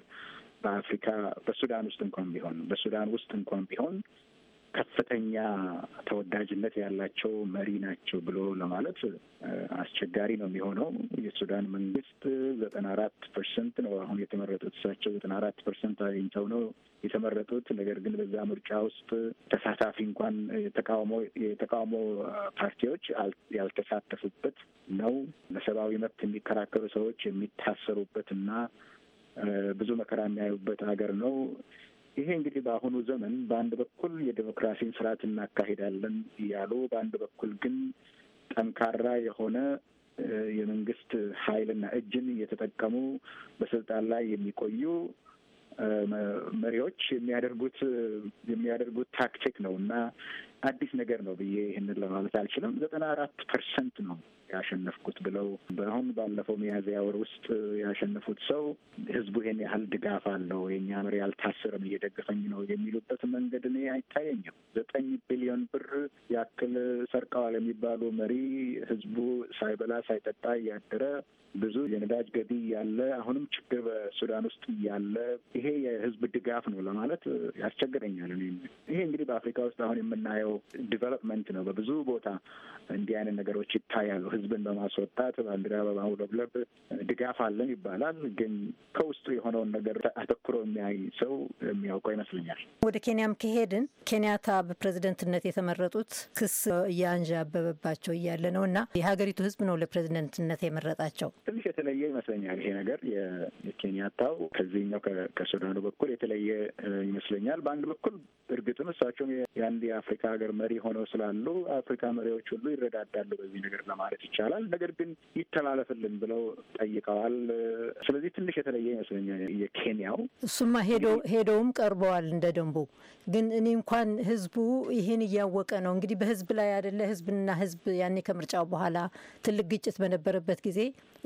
በአፍሪካ በሱዳን ውስጥ እንኳን ቢሆን በሱዳን ውስጥ እንኳን ቢሆን ከፍተኛ ተወዳጅነት ያላቸው መሪ ናቸው ብሎ ለማለት አስቸጋሪ ነው የሚሆነው። የሱዳን መንግስት ዘጠና አራት ፐርሰንት ነው አሁን የተመረጡት። እሳቸው ዘጠና አራት ፐርሰንት አግኝተው ነው የተመረጡት። ነገር ግን በዛ ምርጫ ውስጥ ተሳታፊ እንኳን የተቃውሞ የተቃውሞ ፓርቲዎች ያልተሳተፉበት ነው። ለሰብአዊ መብት የሚከራከሩ ሰዎች የሚታሰሩበት እና ብዙ መከራ የሚያዩበት ሀገር ነው። ይሄ እንግዲህ በአሁኑ ዘመን በአንድ በኩል የዴሞክራሲን ስርዓት እናካሄዳለን እያሉ፣ በአንድ በኩል ግን ጠንካራ የሆነ የመንግስት ኃይልና እጅን እየተጠቀሙ በስልጣን ላይ የሚቆዩ መሪዎች የሚያደርጉት የሚያደርጉት ታክቲክ ነው እና አዲስ ነገር ነው ብዬ ይህንን ለማለት አልችልም። ዘጠና አራት ፐርሰንት ነው ያሸነፍኩት ብለው በአሁን ባለፈው ሚያዝያ ወር ውስጥ ያሸነፉት ሰው ህዝቡ ይሄን ያህል ድጋፍ አለው የእኛ መሪ አልታስርም እየደገፈኝ ነው የሚሉበት መንገድ እኔ አይታየኝም። ዘጠኝ ቢሊዮን ብር ያክል ሰርቀዋል የሚባሉ መሪ ህዝቡ ሳይበላ ሳይጠጣ እያደረ ብዙ የነዳጅ ገቢ ያለ አሁንም ችግር በሱዳን ውስጥ ያለ ይሄ የህዝብ ድጋፍ ነው ለማለት ያስቸግረኛል። እኔ ይሄ እንግዲህ በአፍሪካ ውስጥ አሁን የምናየው ዲቨሎፕመንት ነው። በብዙ ቦታ እንዲህ አይነት ነገሮች ይታያሉ። ህዝብን በማስወጣት ባንዲራ በማውለብለብ ድጋፍ አለን ይባላል። ግን ከውስጡ የሆነውን ነገር አተኩሮ የሚያይ ሰው የሚያውቀው ይመስለኛል። ወደ ኬንያም ከሄድን ኬንያታ በፕሬዝደንትነት የተመረጡት ክስ እያንዣበበባቸው እያለ ነው እና የሀገሪቱ ህዝብ ነው ለፕሬዝደንትነት የመረጣቸው። ትንሽ የተለየ ይመስለኛል ይሄ ነገር የኬንያታው ከዚህኛው ከሱዳኑ በኩል የተለየ ይመስለኛል። በአንድ በኩል እርግጥም እሳቸውም የአንድ የአፍሪካ ሀገር መሪ ሆነው ስላሉ አፍሪካ መሪዎች ሁሉ ይረዳዳሉ በዚህ ነገር ለማለት ይቻላል፣ ነገር ግን ይተላለፍልን ብለው ጠይቀዋል። ስለዚህ ትንሽ የተለየ ይመስለኛል የኬንያው። እሱማ ሄዶ ሄደውም ቀርበዋል እንደ ደንቡ። ግን እኔ እንኳን ህዝቡ ይህን እያወቀ ነው እንግዲህ በህዝብ ላይ አይደለ ህዝብና ህዝብ ያኔ ከምርጫው በኋላ ትልቅ ግጭት በነበረበት ጊዜ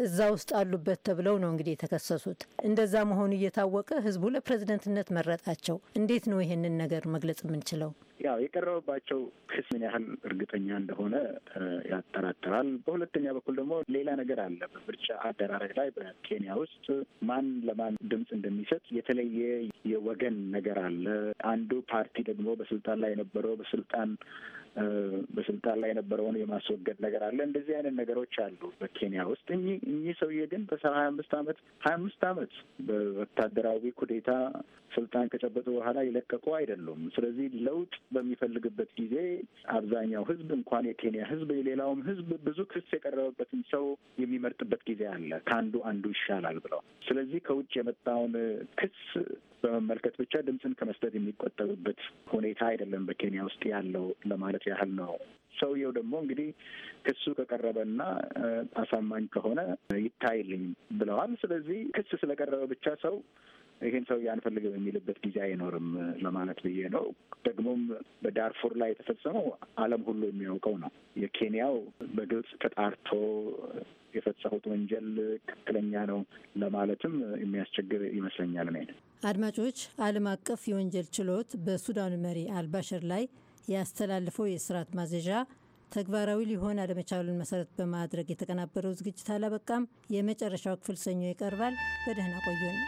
እዛ ውስጥ አሉበት ተብለው ነው እንግዲህ የተከሰሱት። እንደዛ መሆኑ እየታወቀ ህዝቡ ለፕሬዝደንትነት መረጣቸው። እንዴት ነው ይሄንን ነገር መግለጽ የምንችለው? ያው የቀረበባቸው ክስ ምን ያህል እርግጠኛ እንደሆነ ያጠራጥራል። በሁለተኛ በኩል ደግሞ ሌላ ነገር አለ። በምርጫ አደራረግ ላይ በኬንያ ውስጥ ማን ለማን ድምፅ እንደሚሰጥ የተለየ የወገን ነገር አለ። አንዱ ፓርቲ ደግሞ በስልጣን ላይ የነበረው በስልጣን በስልጣን ላይ የነበረውን የማስወገድ ነገር አለ። እንደዚህ አይነት ነገሮች አሉ በኬንያ ውስጥ። እኚህ ሰውዬ ግን በሰባ ሀያ አምስት አመት ሀያ አምስት አመት በወታደራዊ ኩዴታ ስልጣን ከጨበጡ በኋላ የለቀቁ አይደሉም። ስለዚህ ለውጥ በሚፈልግበት ጊዜ አብዛኛው ህዝብ እንኳን የኬንያ ህዝብ የሌላውም ህዝብ ብዙ ክስ የቀረበበትን ሰው የሚመርጥበት ጊዜ አለ ከአንዱ አንዱ ይሻላል ብለው። ስለዚህ ከውጭ የመጣውን ክስ በመመልከት ብቻ ድምፅን ከመስጠት የሚቆጠብበት ሁኔታ አይደለም በኬንያ ውስጥ ያለው ለማለት ያህል ነው። ሰውየው ደግሞ እንግዲህ ክሱ ከቀረበና አሳማኝ ከሆነ ይታይልኝ ብለዋል። ስለዚህ ክስ ስለቀረበ ብቻ ሰው ይህን ሰው አንፈልግም የሚልበት ጊዜ አይኖርም ለማለት ብዬ ነው። ደግሞም በዳርፉር ላይ የተፈጸመው ዓለም ሁሉ የሚያውቀው ነው። የኬንያው በግልጽ ተጣርቶ የፈጸሙት ወንጀል ትክክለኛ ነው ለማለትም የሚያስቸግር ይመስለኛል። ነ አድማጮች፣ ዓለም አቀፍ የወንጀል ችሎት በሱዳኑ መሪ አልባሽር ላይ ያስተላልፈው የእስራት ማዘዣ ተግባራዊ ሊሆን አለመቻሉን መሰረት በማድረግ የተቀናበረው ዝግጅት አላበቃም። የመጨረሻው ክፍል ሰኞ ይቀርባል። በደህና ቆዩን።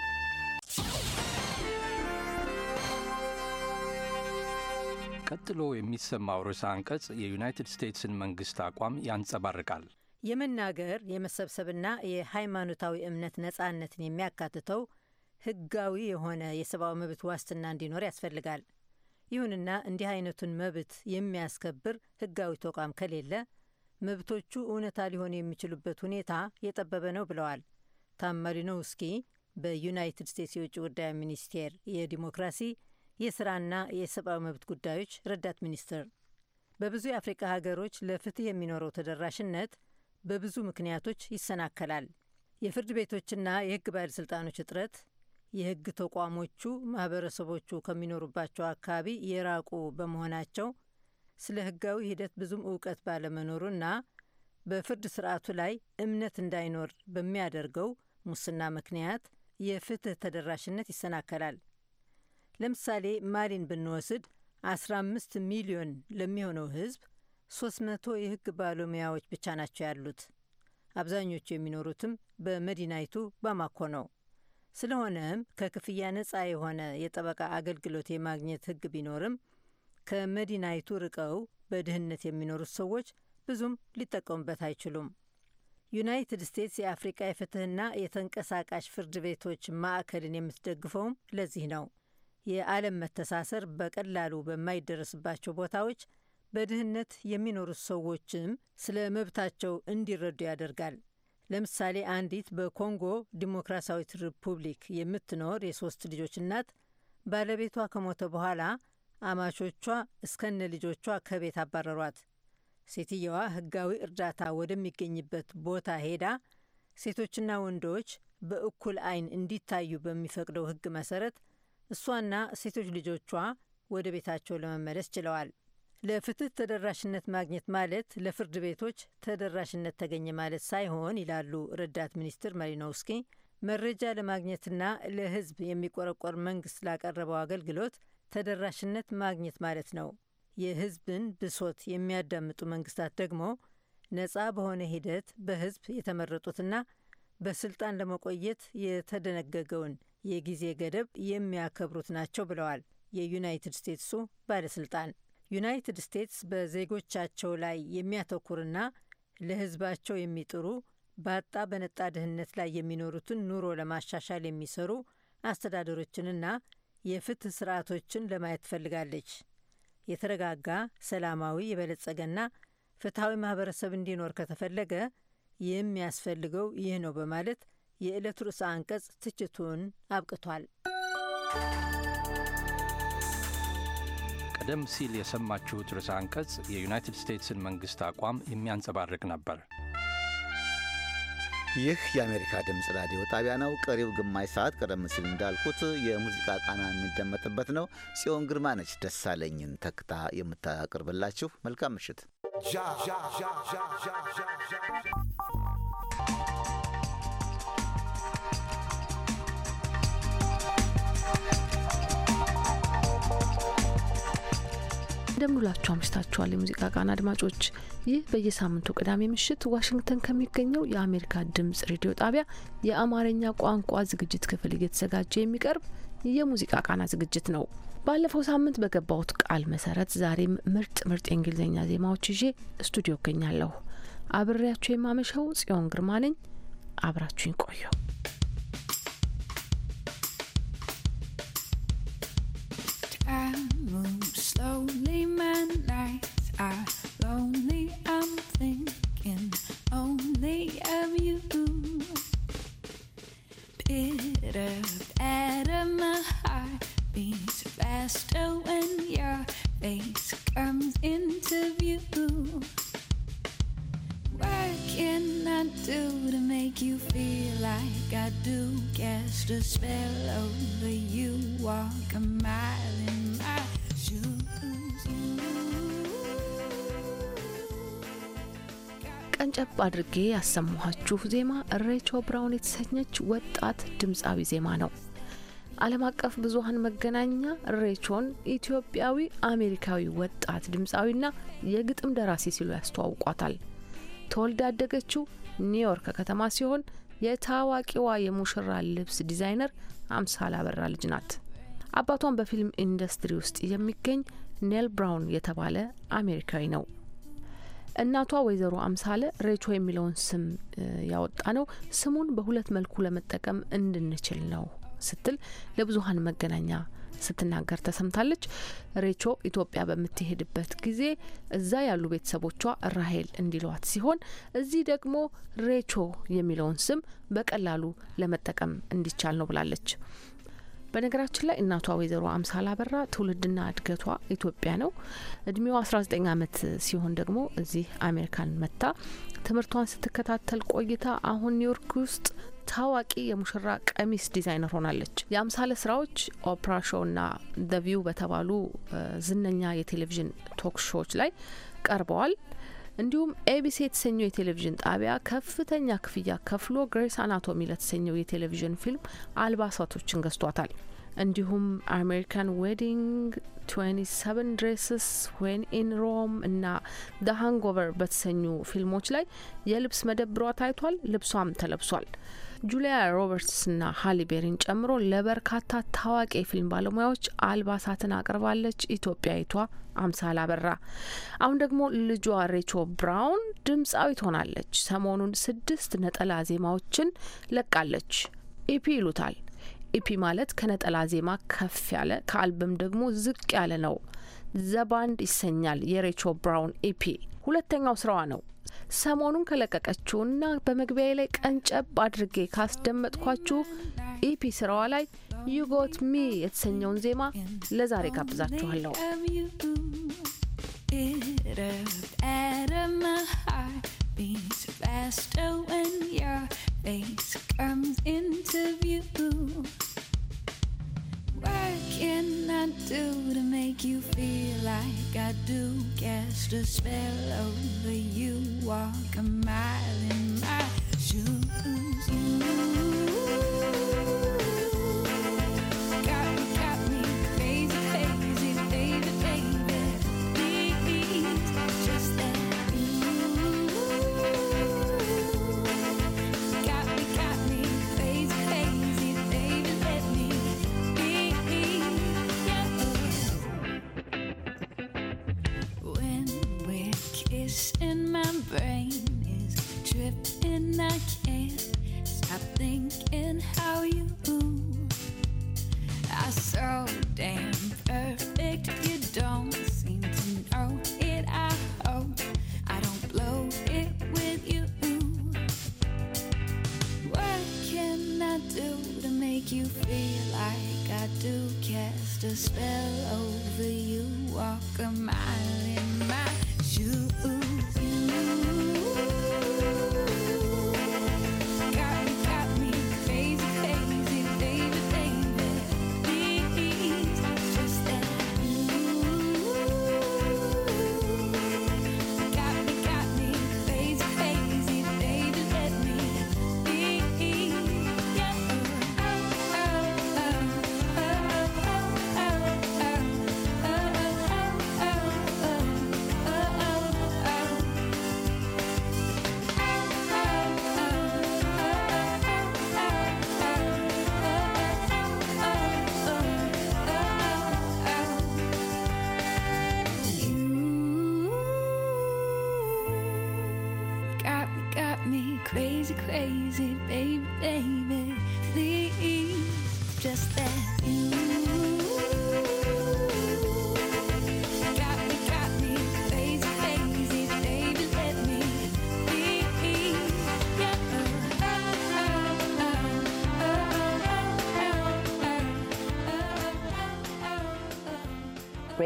ቀጥሎ የሚሰማው ርዕሰ አንቀጽ የዩናይትድ ስቴትስን መንግስት አቋም ያንጸባርቃል። የመናገር የመሰብሰብና የሃይማኖታዊ እምነት ነጻነትን የሚያካትተው ህጋዊ የሆነ የሰብአዊ መብት ዋስትና እንዲኖር ያስፈልጋል። ይሁንና እንዲህ አይነቱን መብት የሚያስከብር ህጋዊ ተቋም ከሌለ መብቶቹ እውነታ ሊሆኑ የሚችሉበት ሁኔታ የጠበበ ነው ብለዋል ታማሊኖውስኪ በዩናይትድ ስቴትስ የውጭ ጉዳይ ሚኒስቴር የዲሞክራሲ የስራና የሰብአዊ መብት ጉዳዮች ረዳት ሚኒስትር። በብዙ የአፍሪካ ሀገሮች ለፍትህ የሚኖረው ተደራሽነት በብዙ ምክንያቶች ይሰናከላል። የፍርድ ቤቶችና የህግ ባለሥልጣኖች እጥረት፣ የህግ ተቋሞቹ ማህበረሰቦቹ ከሚኖሩባቸው አካባቢ የራቁ በመሆናቸው ስለ ህጋዊ ሂደት ብዙም እውቀት ባለመኖሩና በፍርድ ስርዓቱ ላይ እምነት እንዳይኖር በሚያደርገው ሙስና ምክንያት የፍትህ ተደራሽነት ይሰናከላል። ለምሳሌ ማሊን ብንወስድ 15 ሚሊዮን ለሚሆነው ህዝብ 300 የህግ ባለሙያዎች ብቻ ናቸው ያሉት። አብዛኞቹ የሚኖሩትም በመዲናይቱ ባማኮ ነው። ስለሆነም ከክፍያ ነፃ የሆነ የጠበቃ አገልግሎት የማግኘት ህግ ቢኖርም ከመዲናይቱ ርቀው በድህነት የሚኖሩት ሰዎች ብዙም ሊጠቀሙበት አይችሉም። ዩናይትድ ስቴትስ የአፍሪቃ የፍትህና የተንቀሳቃሽ ፍርድ ቤቶች ማዕከልን የምትደግፈውም ለዚህ ነው። የዓለም መተሳሰር በቀላሉ በማይደረስባቸው ቦታዎች በድህነት የሚኖሩት ሰዎችም ስለ መብታቸው እንዲረዱ ያደርጋል። ለምሳሌ አንዲት በኮንጎ ዲሞክራሲያዊት ሪፑብሊክ የምትኖር የሶስት ልጆች እናት ባለቤቷ ከሞተ በኋላ አማቾቿ እስከነ ልጆቿ ከቤት አባረሯት። ሴትየዋ ህጋዊ እርዳታ ወደሚገኝበት ቦታ ሄዳ ሴቶችና ወንዶች በእኩል አይን እንዲታዩ በሚፈቅደው ህግ መሰረት እሷና ሴቶች ልጆቿ ወደ ቤታቸው ለመመለስ ችለዋል። ለፍትህ ተደራሽነት ማግኘት ማለት ለፍርድ ቤቶች ተደራሽነት ተገኘ ማለት ሳይሆን ይላሉ ረዳት ሚኒስትር ማሊኖውስኪ። መረጃ ለማግኘትና ለህዝብ የሚቆረቆር መንግስት ላቀረበው አገልግሎት ተደራሽነት ማግኘት ማለት ነው። የህዝብን ብሶት የሚያዳምጡ መንግስታት ደግሞ ነፃ በሆነ ሂደት በህዝብ የተመረጡትና በስልጣን ለመቆየት የተደነገገውን የጊዜ ገደብ የሚያከብሩት ናቸው ብለዋል የዩናይትድ ስቴትሱ ባለስልጣን። ዩናይትድ ስቴትስ በዜጎቻቸው ላይ የሚያተኩርና ለህዝባቸው የሚጥሩ ባጣ በነጣ ድህነት ላይ የሚኖሩትን ኑሮ ለማሻሻል የሚሰሩ አስተዳደሮችንና የፍትህ ስርዓቶችን ለማየት ትፈልጋለች። የተረጋጋ ሰላማዊ፣ የበለጸገና ፍትሐዊ ማህበረሰብ እንዲኖር ከተፈለገ የሚያስፈልገው ይህ ነው በማለት የዕለቱ ርዕሰ አንቀጽ ትችቱን አብቅቷል። ቀደም ሲል የሰማችሁት ርዕሰ አንቀጽ የዩናይትድ ስቴትስን መንግሥት አቋም የሚያንጸባርቅ ነበር። ይህ የአሜሪካ ድምፅ ራዲዮ ጣቢያ ነው። ቀሪው ግማሽ ሰዓት ቀደም ሲል እንዳልኩት የሙዚቃ ቃና የሚደመጥበት ነው። ጽዮን ግርማ ነች ደሳለኝን ተክታ የምታቀርብላችሁ። መልካም ምሽት። እንደምንላችሁ አምሽታችኋል። የሙዚቃ ቃና አድማጮች፣ ይህ በየሳምንቱ ቅዳሜ ምሽት ዋሽንግተን ከሚገኘው የአሜሪካ ድምጽ ሬዲዮ ጣቢያ የአማርኛ ቋንቋ ዝግጅት ክፍል እየተዘጋጀ የሚቀርብ የሙዚቃ ቃና ዝግጅት ነው። ባለፈው ሳምንት በገባሁት ቃል መሰረት ዛሬም ምርጥ ምርጥ የእንግሊዝኛ ዜማዎች ይዤ ስቱዲዮ እገኛለሁ። አብሬያችሁ የማመሸው ጽዮን ግርማ ነኝ። አብራችሁኝ ቆዩ። Tara. አድርጌ ያሰማኋችሁ ዜማ ሬቾ ብራውን የተሰኘች ወጣት ድምፃዊ ዜማ ነው። ዓለም አቀፍ ብዙሀን መገናኛ ሬቾን ኢትዮጵያዊ አሜሪካዊ ወጣት ድምፃዊና የግጥም ደራሲ ሲሉ ያስተዋውቋታል። ተወልዳ ያደገችው ኒውዮርክ ከተማ ሲሆን የታዋቂዋ የሙሽራ ልብስ ዲዛይነር አምሳል አበራ ልጅ ናት። አባቷን በፊልም ኢንዱስትሪ ውስጥ የሚገኝ ኔል ብራውን የተባለ አሜሪካዊ ነው። እናቷ ወይዘሮ አምሳለ ሬቾ የሚለውን ስም ያወጣ ነው ስሙን በሁለት መልኩ ለመጠቀም እንድንችል ነው ስትል ለብዙሀን መገናኛ ስትናገር ተሰምታለች። ሬቾ ኢትዮጵያ በምትሄድበት ጊዜ እዛ ያሉ ቤተሰቦቿ ራሄል እንዲለዋት ሲሆን እዚህ ደግሞ ሬቾ የሚለውን ስም በቀላሉ ለመጠቀም እንዲቻል ነው ብላለች። በነገራችን ላይ እናቷ ወይዘሮ አምሳል አበራ ትውልድና እድገቷ ኢትዮጵያ ነው። እድሜዋ 19 ዓመት ሲሆን ደግሞ እዚህ አሜሪካን መታ ትምህርቷን ስትከታተል ቆይታ አሁን ኒውዮርክ ውስጥ ታዋቂ የሙሽራ ቀሚስ ዲዛይነር ሆናለች። የአምሳለ ስራዎች ኦፕራ ሾውና ዘ በተባሉ ዝነኛ የቴሌቪዥን ቶክ ሾዎች ላይ ቀርበዋል። እንዲሁም ኤቢሲ የተሰኘው የቴሌቪዥን ጣቢያ ከፍተኛ ክፍያ ከፍሎ ግሬስ አናቶሚ ለተሰኘው የቴሌቪዥን ፊልም አልባሳቶችን ገዝቷታል። እንዲሁም አሜሪካን ዌዲንግ 27 ድሬስስ ዌን ኢን ሮም እና ደ ሃንጎቨር በተሰኙ ፊልሞች ላይ የልብስ መደብሯ ታይቷል። ልብሷም ተለብሷል። ጁሊያ ሮበርትስና ሀሊቤሪን ጨምሮ ለበርካታ ታዋቂ የፊልም ባለሙያዎች አልባሳትን አቅርባለች። ኢትዮጵያዊቷ አምሳል አበራ አሁን ደግሞ ልጇ ሬቾ ብራውን ድምጻዊ ትሆናለች። ሰሞኑን ስድስት ነጠላ ዜማዎችን ለቃለች። ኢፒ ይሉታል። ኢፒ ማለት ከነጠላ ዜማ ከፍ ያለ ከአልበም ደግሞ ዝቅ ያለ ነው። ዘባንድ ይሰኛል የሬቾ ብራውን ኢፒ ሁለተኛው ስራዋ ነው። ሰሞኑን እና በመግቢያ ላይ ቀንጨብ አድርጌ ካስደመጥኳችሁ ኢፒ ስራዋ ላይ ዩጎት ሚ የተሰኘውን ዜማ ለዛሬ ጋብዛችኋለሁ። faster when your face comes into view What can I do to make you feel like I do? Cast a spell over you, walk a mile in my shoes. in my brain.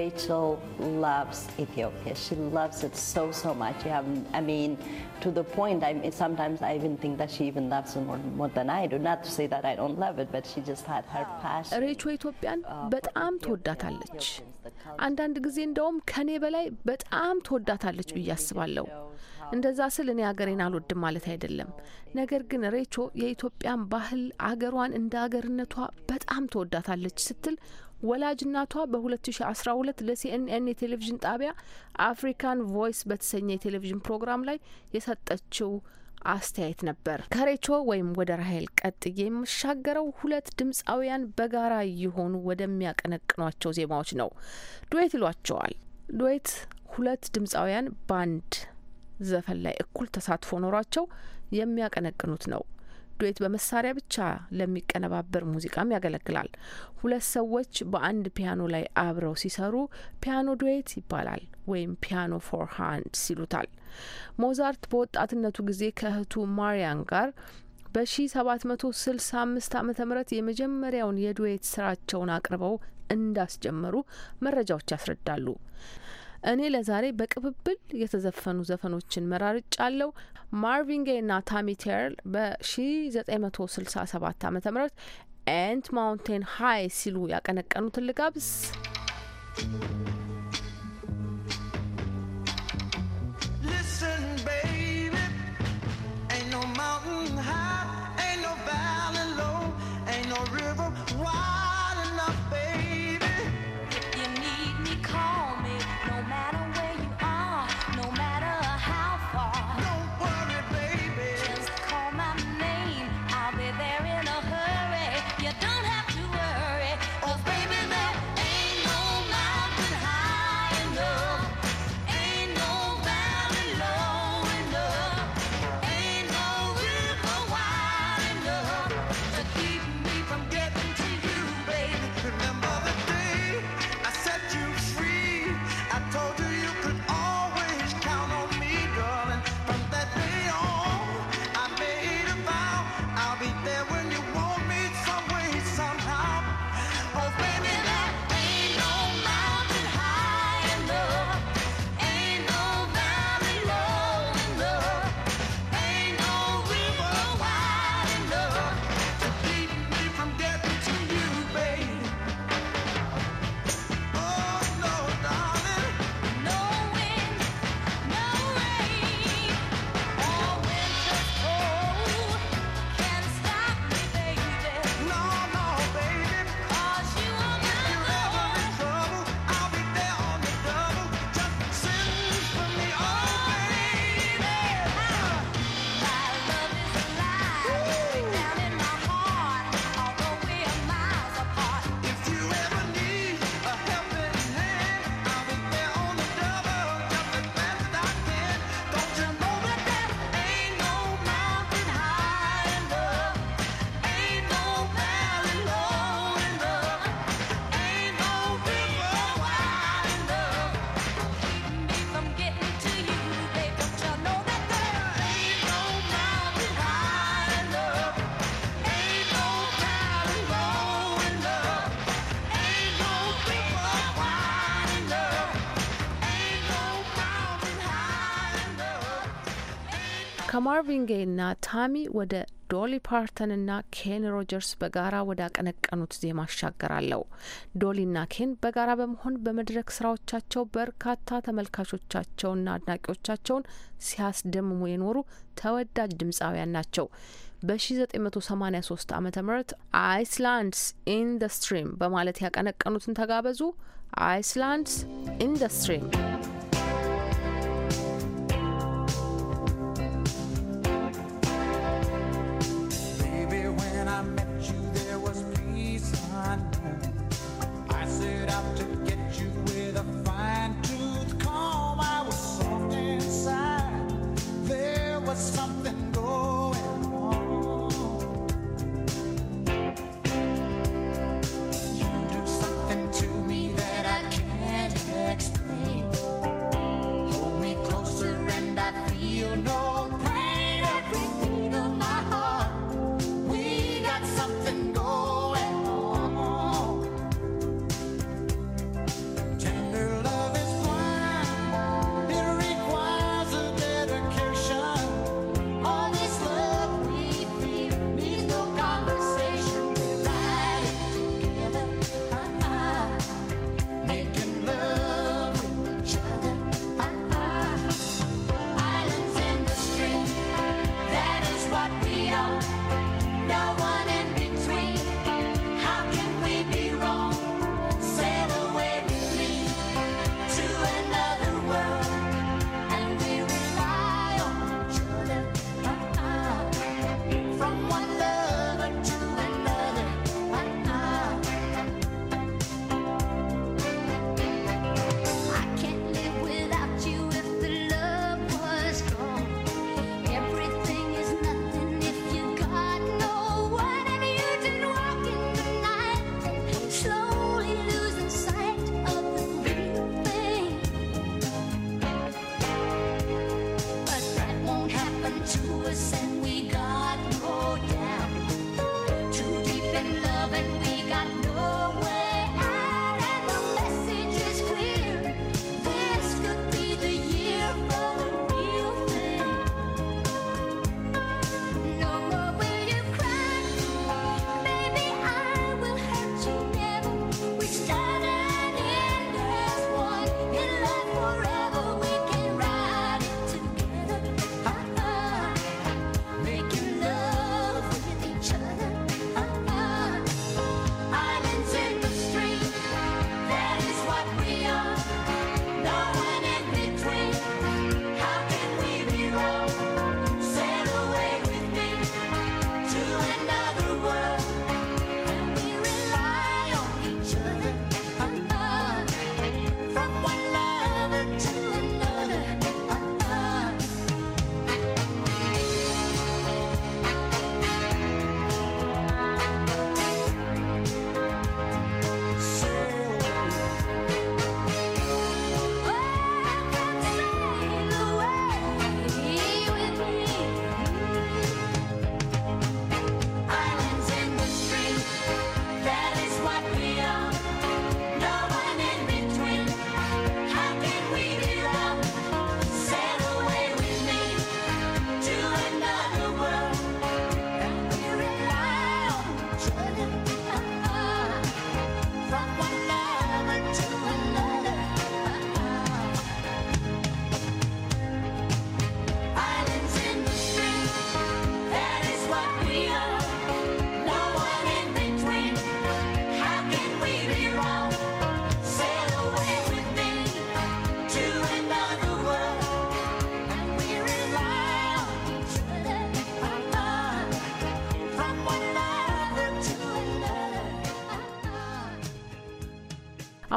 Rachel loves Ethiopia. She loves it so, so much. I mean, to the point, I mean, sometimes I even think that she even loves it more, more than I do. Not to say that I don't love it, but she just had her ah. passion. but uh, I'm በጣም ትወዳታለች። አንዳንድ ጊዜ እንደውም ከኔ በላይ በጣም ትወዳታለች ብዬ አስባለሁ። እንደዛ ስል እኔ ሀገሬን አልወድም ማለት አይደለም። ነገር ግን ሬቾ የኢትዮጵያን ባህል አገሯን እንደ አገርነቷ በጣም ትወዳታለች ስትል ወላጅናቷ በ2012 ለሲኤንኤን የቴሌቪዥን ጣቢያ አፍሪካን ቮይስ በተሰኘ የቴሌቪዥን ፕሮግራም ላይ የሰጠችው አስተያየት ነበር። ከሬቾ ወይም ወደ ራሄል ቀጥዬ የምሻገረው ሁለት ድምፃውያን በጋራ እየሆኑ ወደሚያቀነቅኗቸው ዜማዎች ነው። ዱዌት ይሏቸዋል። ዱዌት ሁለት ድምፃውያን ባንድ ዘፈን ላይ እኩል ተሳትፎ ኖሯቸው የሚያቀነቅኑት ነው። ዱዌት በመሳሪያ ብቻ ለሚቀነባበር ሙዚቃም ያገለግላል። ሁለት ሰዎች በአንድ ፒያኖ ላይ አብረው ሲሰሩ ፒያኖ ዱዌት ይባላል ወይም ፒያኖ ፎር ሃንድ ሲሉታል። ሞዛርት በወጣትነቱ ጊዜ ከእህቱ ማሪያን ጋር በ1765 ዓ ም የመጀመሪያውን የዱዌት ስራቸውን አቅርበው እንዳስጀመሩ መረጃዎች ያስረዳሉ። እኔ ለዛሬ በቅብብል የተዘፈኑ ዘፈኖችን መራርጫ አለው። ማርቪን ጌይ እና ታሚ ቴርል በ1967 ዓ ም ኤንት ማውንቴን ሃይ ሲሉ ያቀነቀኑትን ልጋብዝ። ከማርቪን ጌይና ታሚ ወደ ዶሊ ፓርተንና ኬን ሮጀርስ በጋራ ወዳቀነቀኑት ዜማ አሻገራለሁ። ዶሊና ኬን በጋራ በመሆን በመድረክ ስራዎቻቸው በርካታ ተመልካቾቻቸውና አድናቂዎቻቸውን ሲያስደምሙ የኖሩ ተወዳጅ ድምፃውያን ናቸው። በ1983 ዓ ም አይስላንድስ ኢንደስትሪም በማለት ያቀነቀኑትን ተጋበዙ። አይስላንድስ ኢንደስትሪም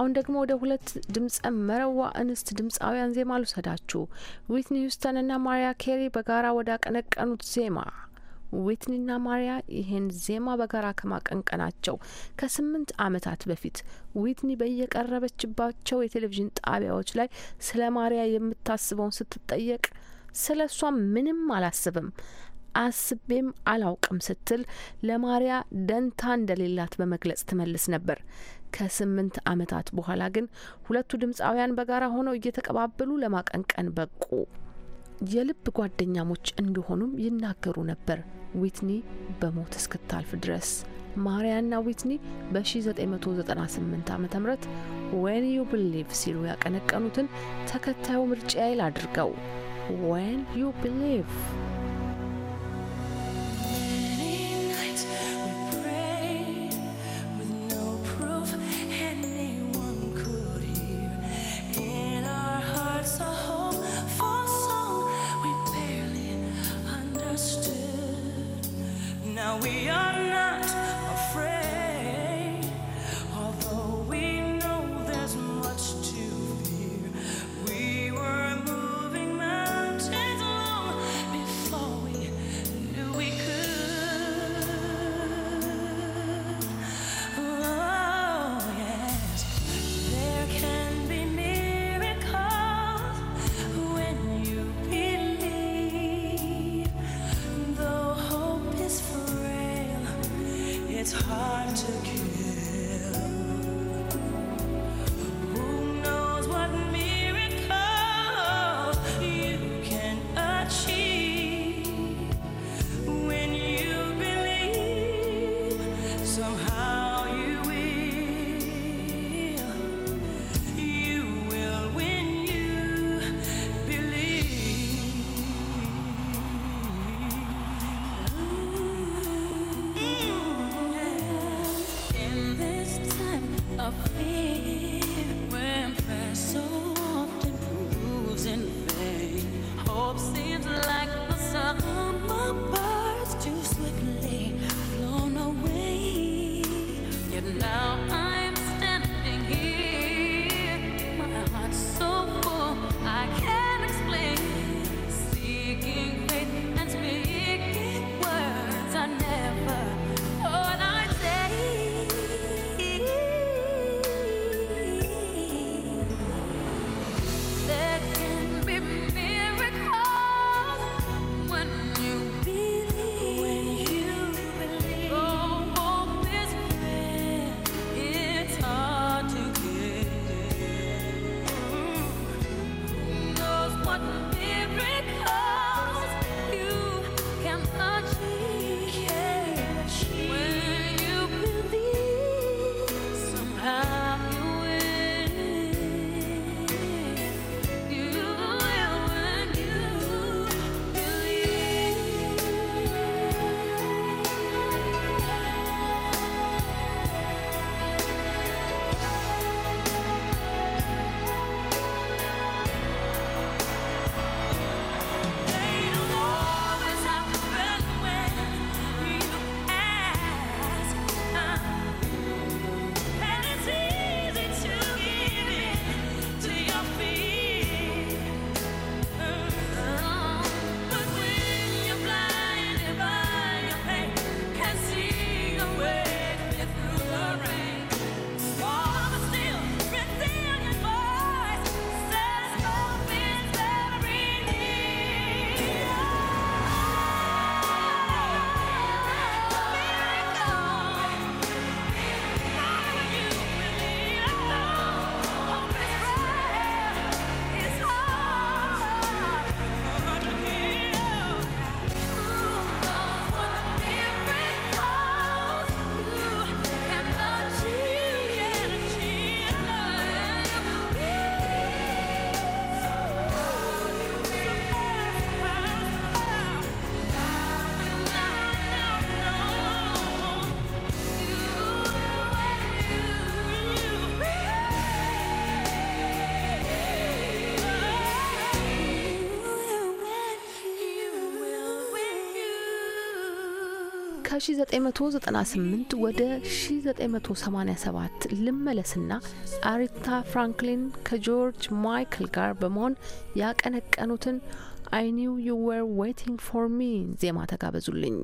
አሁን ደግሞ ወደ ሁለት ድምጸ መረዋ እንስት ድምፃውያን ዜማ ልውሰዳችሁ። ዊትኒ ሂውስተን እና ማሪያ ኬሪ በጋራ ወዳቀነቀኑት ዜማ ዊትኒና ማሪያ ይህን ዜማ በጋራ ከማቀንቀናቸው ከስምንት ዓመታት በፊት ዊትኒ በየቀረበችባቸው የቴሌቪዥን ጣቢያዎች ላይ ስለ ማሪያ የምታስበውን ስትጠየቅ ስለ እሷ ምንም አላስብም አስቤም አላውቅም ስትል ለማሪያ ደንታ እንደሌላት በመግለጽ ትመልስ ነበር። ከስምንት ዓመታት በኋላ ግን ሁለቱ ድምፃውያን በጋራ ሆነው እየተቀባበሉ ለማቀንቀን በቁ። የልብ ጓደኛሞች እንደሆኑም ይናገሩ ነበር። ዊትኒ በሞት እስክታልፍ ድረስ ማሪያና ዊትኒ በ1998 ዓ ም ዌን ዩ ብሊቭ ሲሉ ያቀነቀኑትን ተከታዩ ምርጫ ይል አድርገው ዌን ዩ ብሊቭ ከ1998 ወደ 1987 ልመለስና አሪታ ፍራንክሊን ከጆርጅ ማይክል ጋር በመሆን ያቀነቀኑትን አይ ኒው ዩ ዌር ዌቲንግ ፎር ሚ ዜማ ተጋበዙልኝ።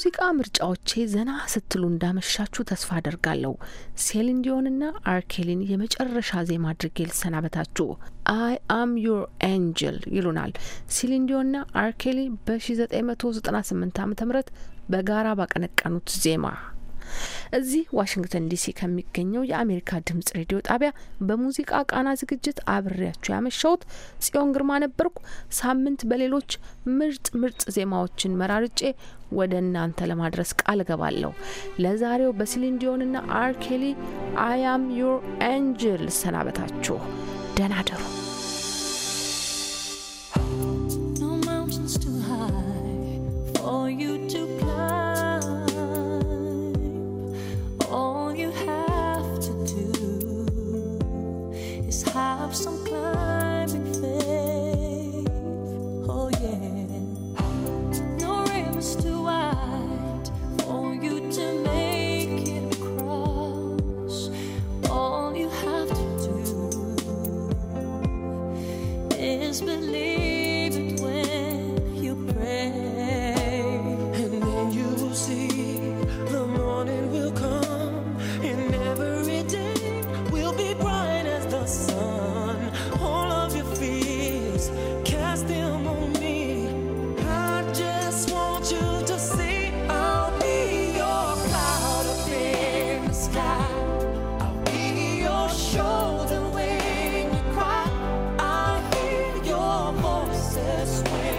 የሙዚቃ ምርጫዎቼ ዘና ስትሉ እንዳመሻችሁ ተስፋ አደርጋለሁ። ሴሊን ዲዮንና አርኬሊን የመጨረሻ ዜማ አድርጌ ልሰናበታችሁ። አይ አም ዩር ኤንጀል ይሉናል ሴሊን ዲዮንና አርኬሊን በ1998 ዓ ም በጋራ ባቀነቀኑት ዜማ እዚህ ዋሽንግተን ዲሲ ከሚገኘው የአሜሪካ ድምጽ ሬዲዮ ጣቢያ በሙዚቃ ቃና ዝግጅት አብሬያችሁ ያመሸሁት ጽዮን ግርማ ነበርኩ። ሳምንት በሌሎች ምርጥ ምርጥ ዜማዎችን መራርጬ ወደ እናንተ ለማድረስ ቃል ገባለሁ። ለዛሬው በሲሊንዲዮንና አርኬሊ አያም ዩር አንጅል ሰናበታችሁ። ደህና ደሩ። you to up some climbing faith. Oh, yeah. No rims too wide for you to make it across. All you have to do is believe. swear.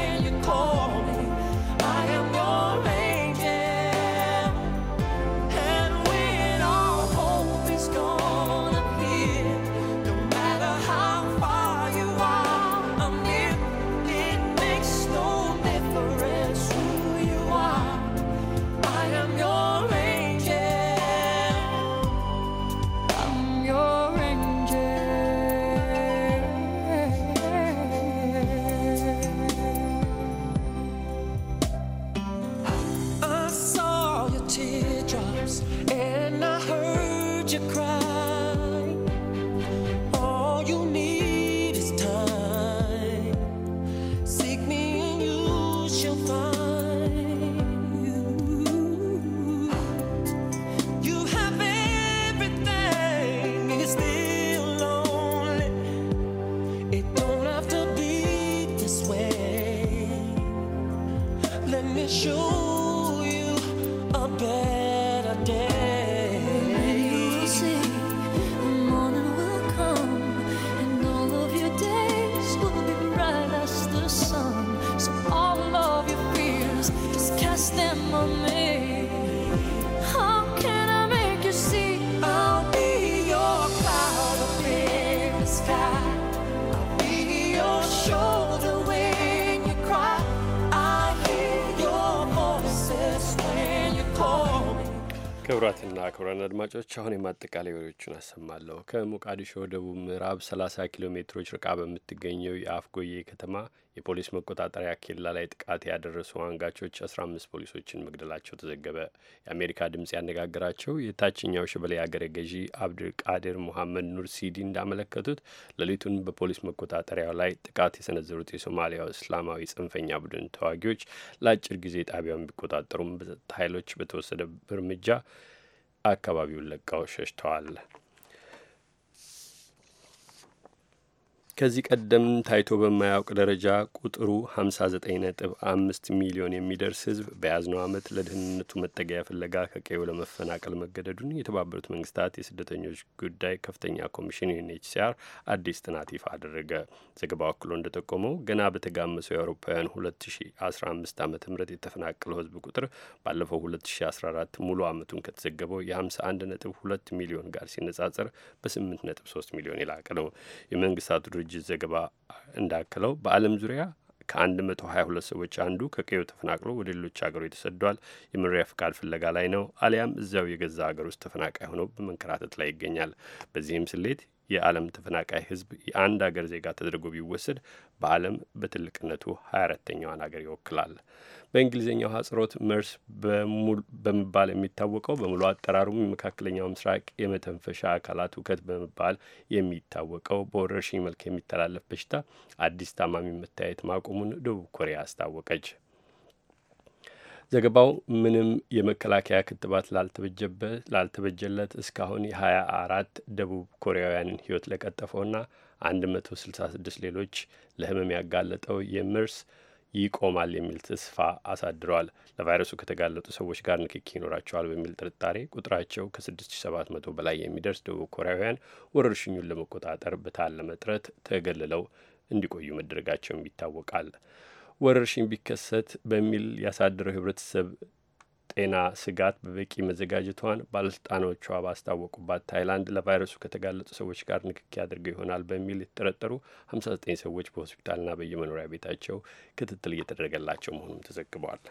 አድማጮች አሁን የማጠቃላይ ወሬዎቹን አሰማለሁ። ከሞቃዲሾ ደቡብ ምዕራብ 30 ኪሎ ሜትሮች ርቃ በምትገኘው የአፍጎዬ ከተማ የፖሊስ መቆጣጠሪያ ኬላ ላይ ጥቃት ያደረሱ አንጋቾች 15 ፖሊሶችን መግደላቸው ተዘገበ። የአሜሪካ ድምፅ ያነጋገራቸው የታችኛው ሸበሌ አገረ ገዢ አብድልቃድር ሙሐመድ ኑር ሲዲ እንዳመለከቱት ሌሊቱን በፖሊስ መቆጣጠሪያው ላይ ጥቃት የሰነዘሩት የሶማሊያው እስላማዊ ጽንፈኛ ቡድን ተዋጊዎች ለአጭር ጊዜ ጣቢያውን ቢቆጣጠሩም በጸጥታ ኃይሎች በተወሰደ እርምጃ አካባቢውን ለቀው ሸሽተዋል። ከዚህ ቀደም ታይቶ በማያውቅ ደረጃ ቁጥሩ 59.5 ሚሊዮን የሚደርስ ሕዝብ በያዝነው ዓመት ለደህንነቱ መጠገያ ፍለጋ ከቀዩ ለመፈናቀል መገደዱን የተባበሩት መንግስታት የስደተኞች ጉዳይ ከፍተኛ ኮሚሽን ዩኤንኤችሲአር አዲስ ጥናት ይፋ አደረገ። ዘገባው አክሎ እንደጠቆመው ገና በተጋመሰው የአውሮፓውያን 2015 ዓ ም የተፈናቀለው ሕዝብ ቁጥር ባለፈው 2014 ሙሉ ዓመቱን ከተዘገበው የ51.2 ሚሊዮን ጋር ሲነጻጸር በ8.3 ሚሊዮን የላቀ ነው። የመንግስታቱ ድርጅት ዘገባ እንዳከለው በዓለም ዙሪያ ሀያ ሁለት ሰዎች አንዱ ከቀዩ ተፈናቅሎ ወደ ሌሎች ሀገሮች ተሰዷል። የመኖሪያ ፍቃድ ፍለጋ ላይ ነው፣ አሊያም እዚያው የገዛ ሀገር ውስጥ ተፈናቃይ ሆኖ በመንከራተት ላይ ይገኛል። በዚህም ስሌት የዓለም ተፈናቃይ ሕዝብ የአንድ ሀገር ዜጋ ተደርጎ ቢወሰድ በዓለም በትልቅነቱ 24 አራተኛዋን ሀገር ይወክላል። በእንግሊዝኛው ሀጽሮት መርስ በመባል የሚታወቀው በሙሉ አጠራሩም የመካከለኛው ምስራቅ የመተንፈሻ አካላት ውከት በመባል የሚታወቀው በወረርሽኝ መልክ የሚተላለፍ በሽታ አዲስ ታማሚ መታየት ማቆሙን ደቡብ ኮሪያ አስታወቀች። ዘገባው ምንም የመከላከያ ክትባት ላልተበጀለት እስካሁን የሀያ አራት ደቡብ ኮሪያውያንን ሕይወት ለቀጠፈውና ስድስት ሌሎች ለህመም ያጋለጠው የምርስ ይቆማል የሚል ተስፋ አሳድረዋል። ለቫይረሱ ከተጋለጡ ሰዎች ጋር ንክኪ ይኖራቸዋል በሚል ጥርጣሬ ቁጥራቸው ከ6700 በላይ የሚደርስ ደቡብ ኮሪያውያን ወረርሽኙን ለመቆጣጠር በታለመ ጥረት ተገልለው እንዲቆዩ መደረጋቸውም ይታወቃል። ወረርሽኝ ቢከሰት በሚል ያሳደረው ህብረተሰብ ጤና ስጋት በበቂ መዘጋጀቷን ባለስልጣኖቿ ባስታወቁባት ታይላንድ ለቫይረሱ ከተጋለጡ ሰዎች ጋር ንክኪ አድርገው ይሆናል በሚል የተጠረጠሩ 59 ሰዎች በሆስፒታልና በየመኖሪያ ቤታቸው ክትትል እየተደረገላቸው መሆኑም ተዘግበዋል።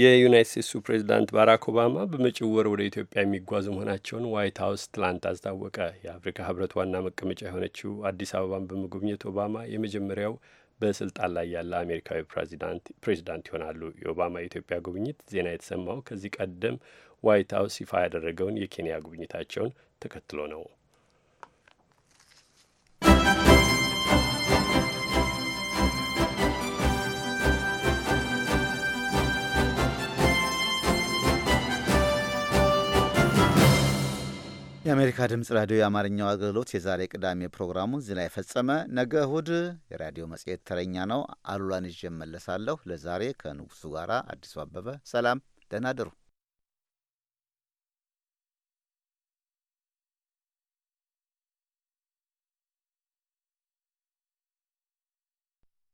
የዩናይት ስቴትሱ ፕሬዚዳንት ባራክ ኦባማ በመጪው ወር ወደ ኢትዮጵያ የሚጓዙ መሆናቸውን ዋይት ሀውስ ትላንት አስታወቀ። የአፍሪካ ህብረት ዋና መቀመጫ የሆነችው አዲስ አበባን በመጎብኘት ኦባማ የመጀመሪያው በስልጣን ላይ ያለ አሜሪካዊ ፕሬዚዳንት ይሆናሉ። የኦባማ የኢትዮጵያ ጉብኝት ዜና የተሰማው ከዚህ ቀደም ዋይት ሀውስ ይፋ ያደረገውን የኬንያ ጉብኝታቸውን ተከትሎ ነው። የአሜሪካ ድምፅ ራዲዮ የአማርኛው አገልግሎት የዛሬ ቅዳሜ ፕሮግራሙ እዚህ ላይ ፈጸመ። ነገ እሁድ የራዲዮ መጽሔት ተረኛ ነው። አሉላን ይዤ እመለሳለሁ። ለዛሬ ከንጉሱ ጋራ አዲሱ አበበ ሰላም፣ ደህና አደሩ።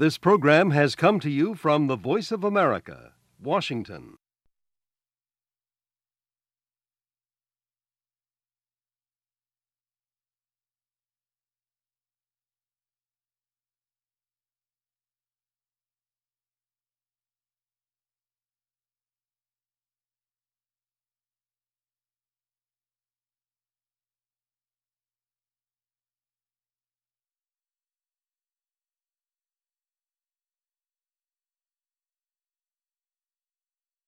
This program has come to you from the Voice of America, Washington.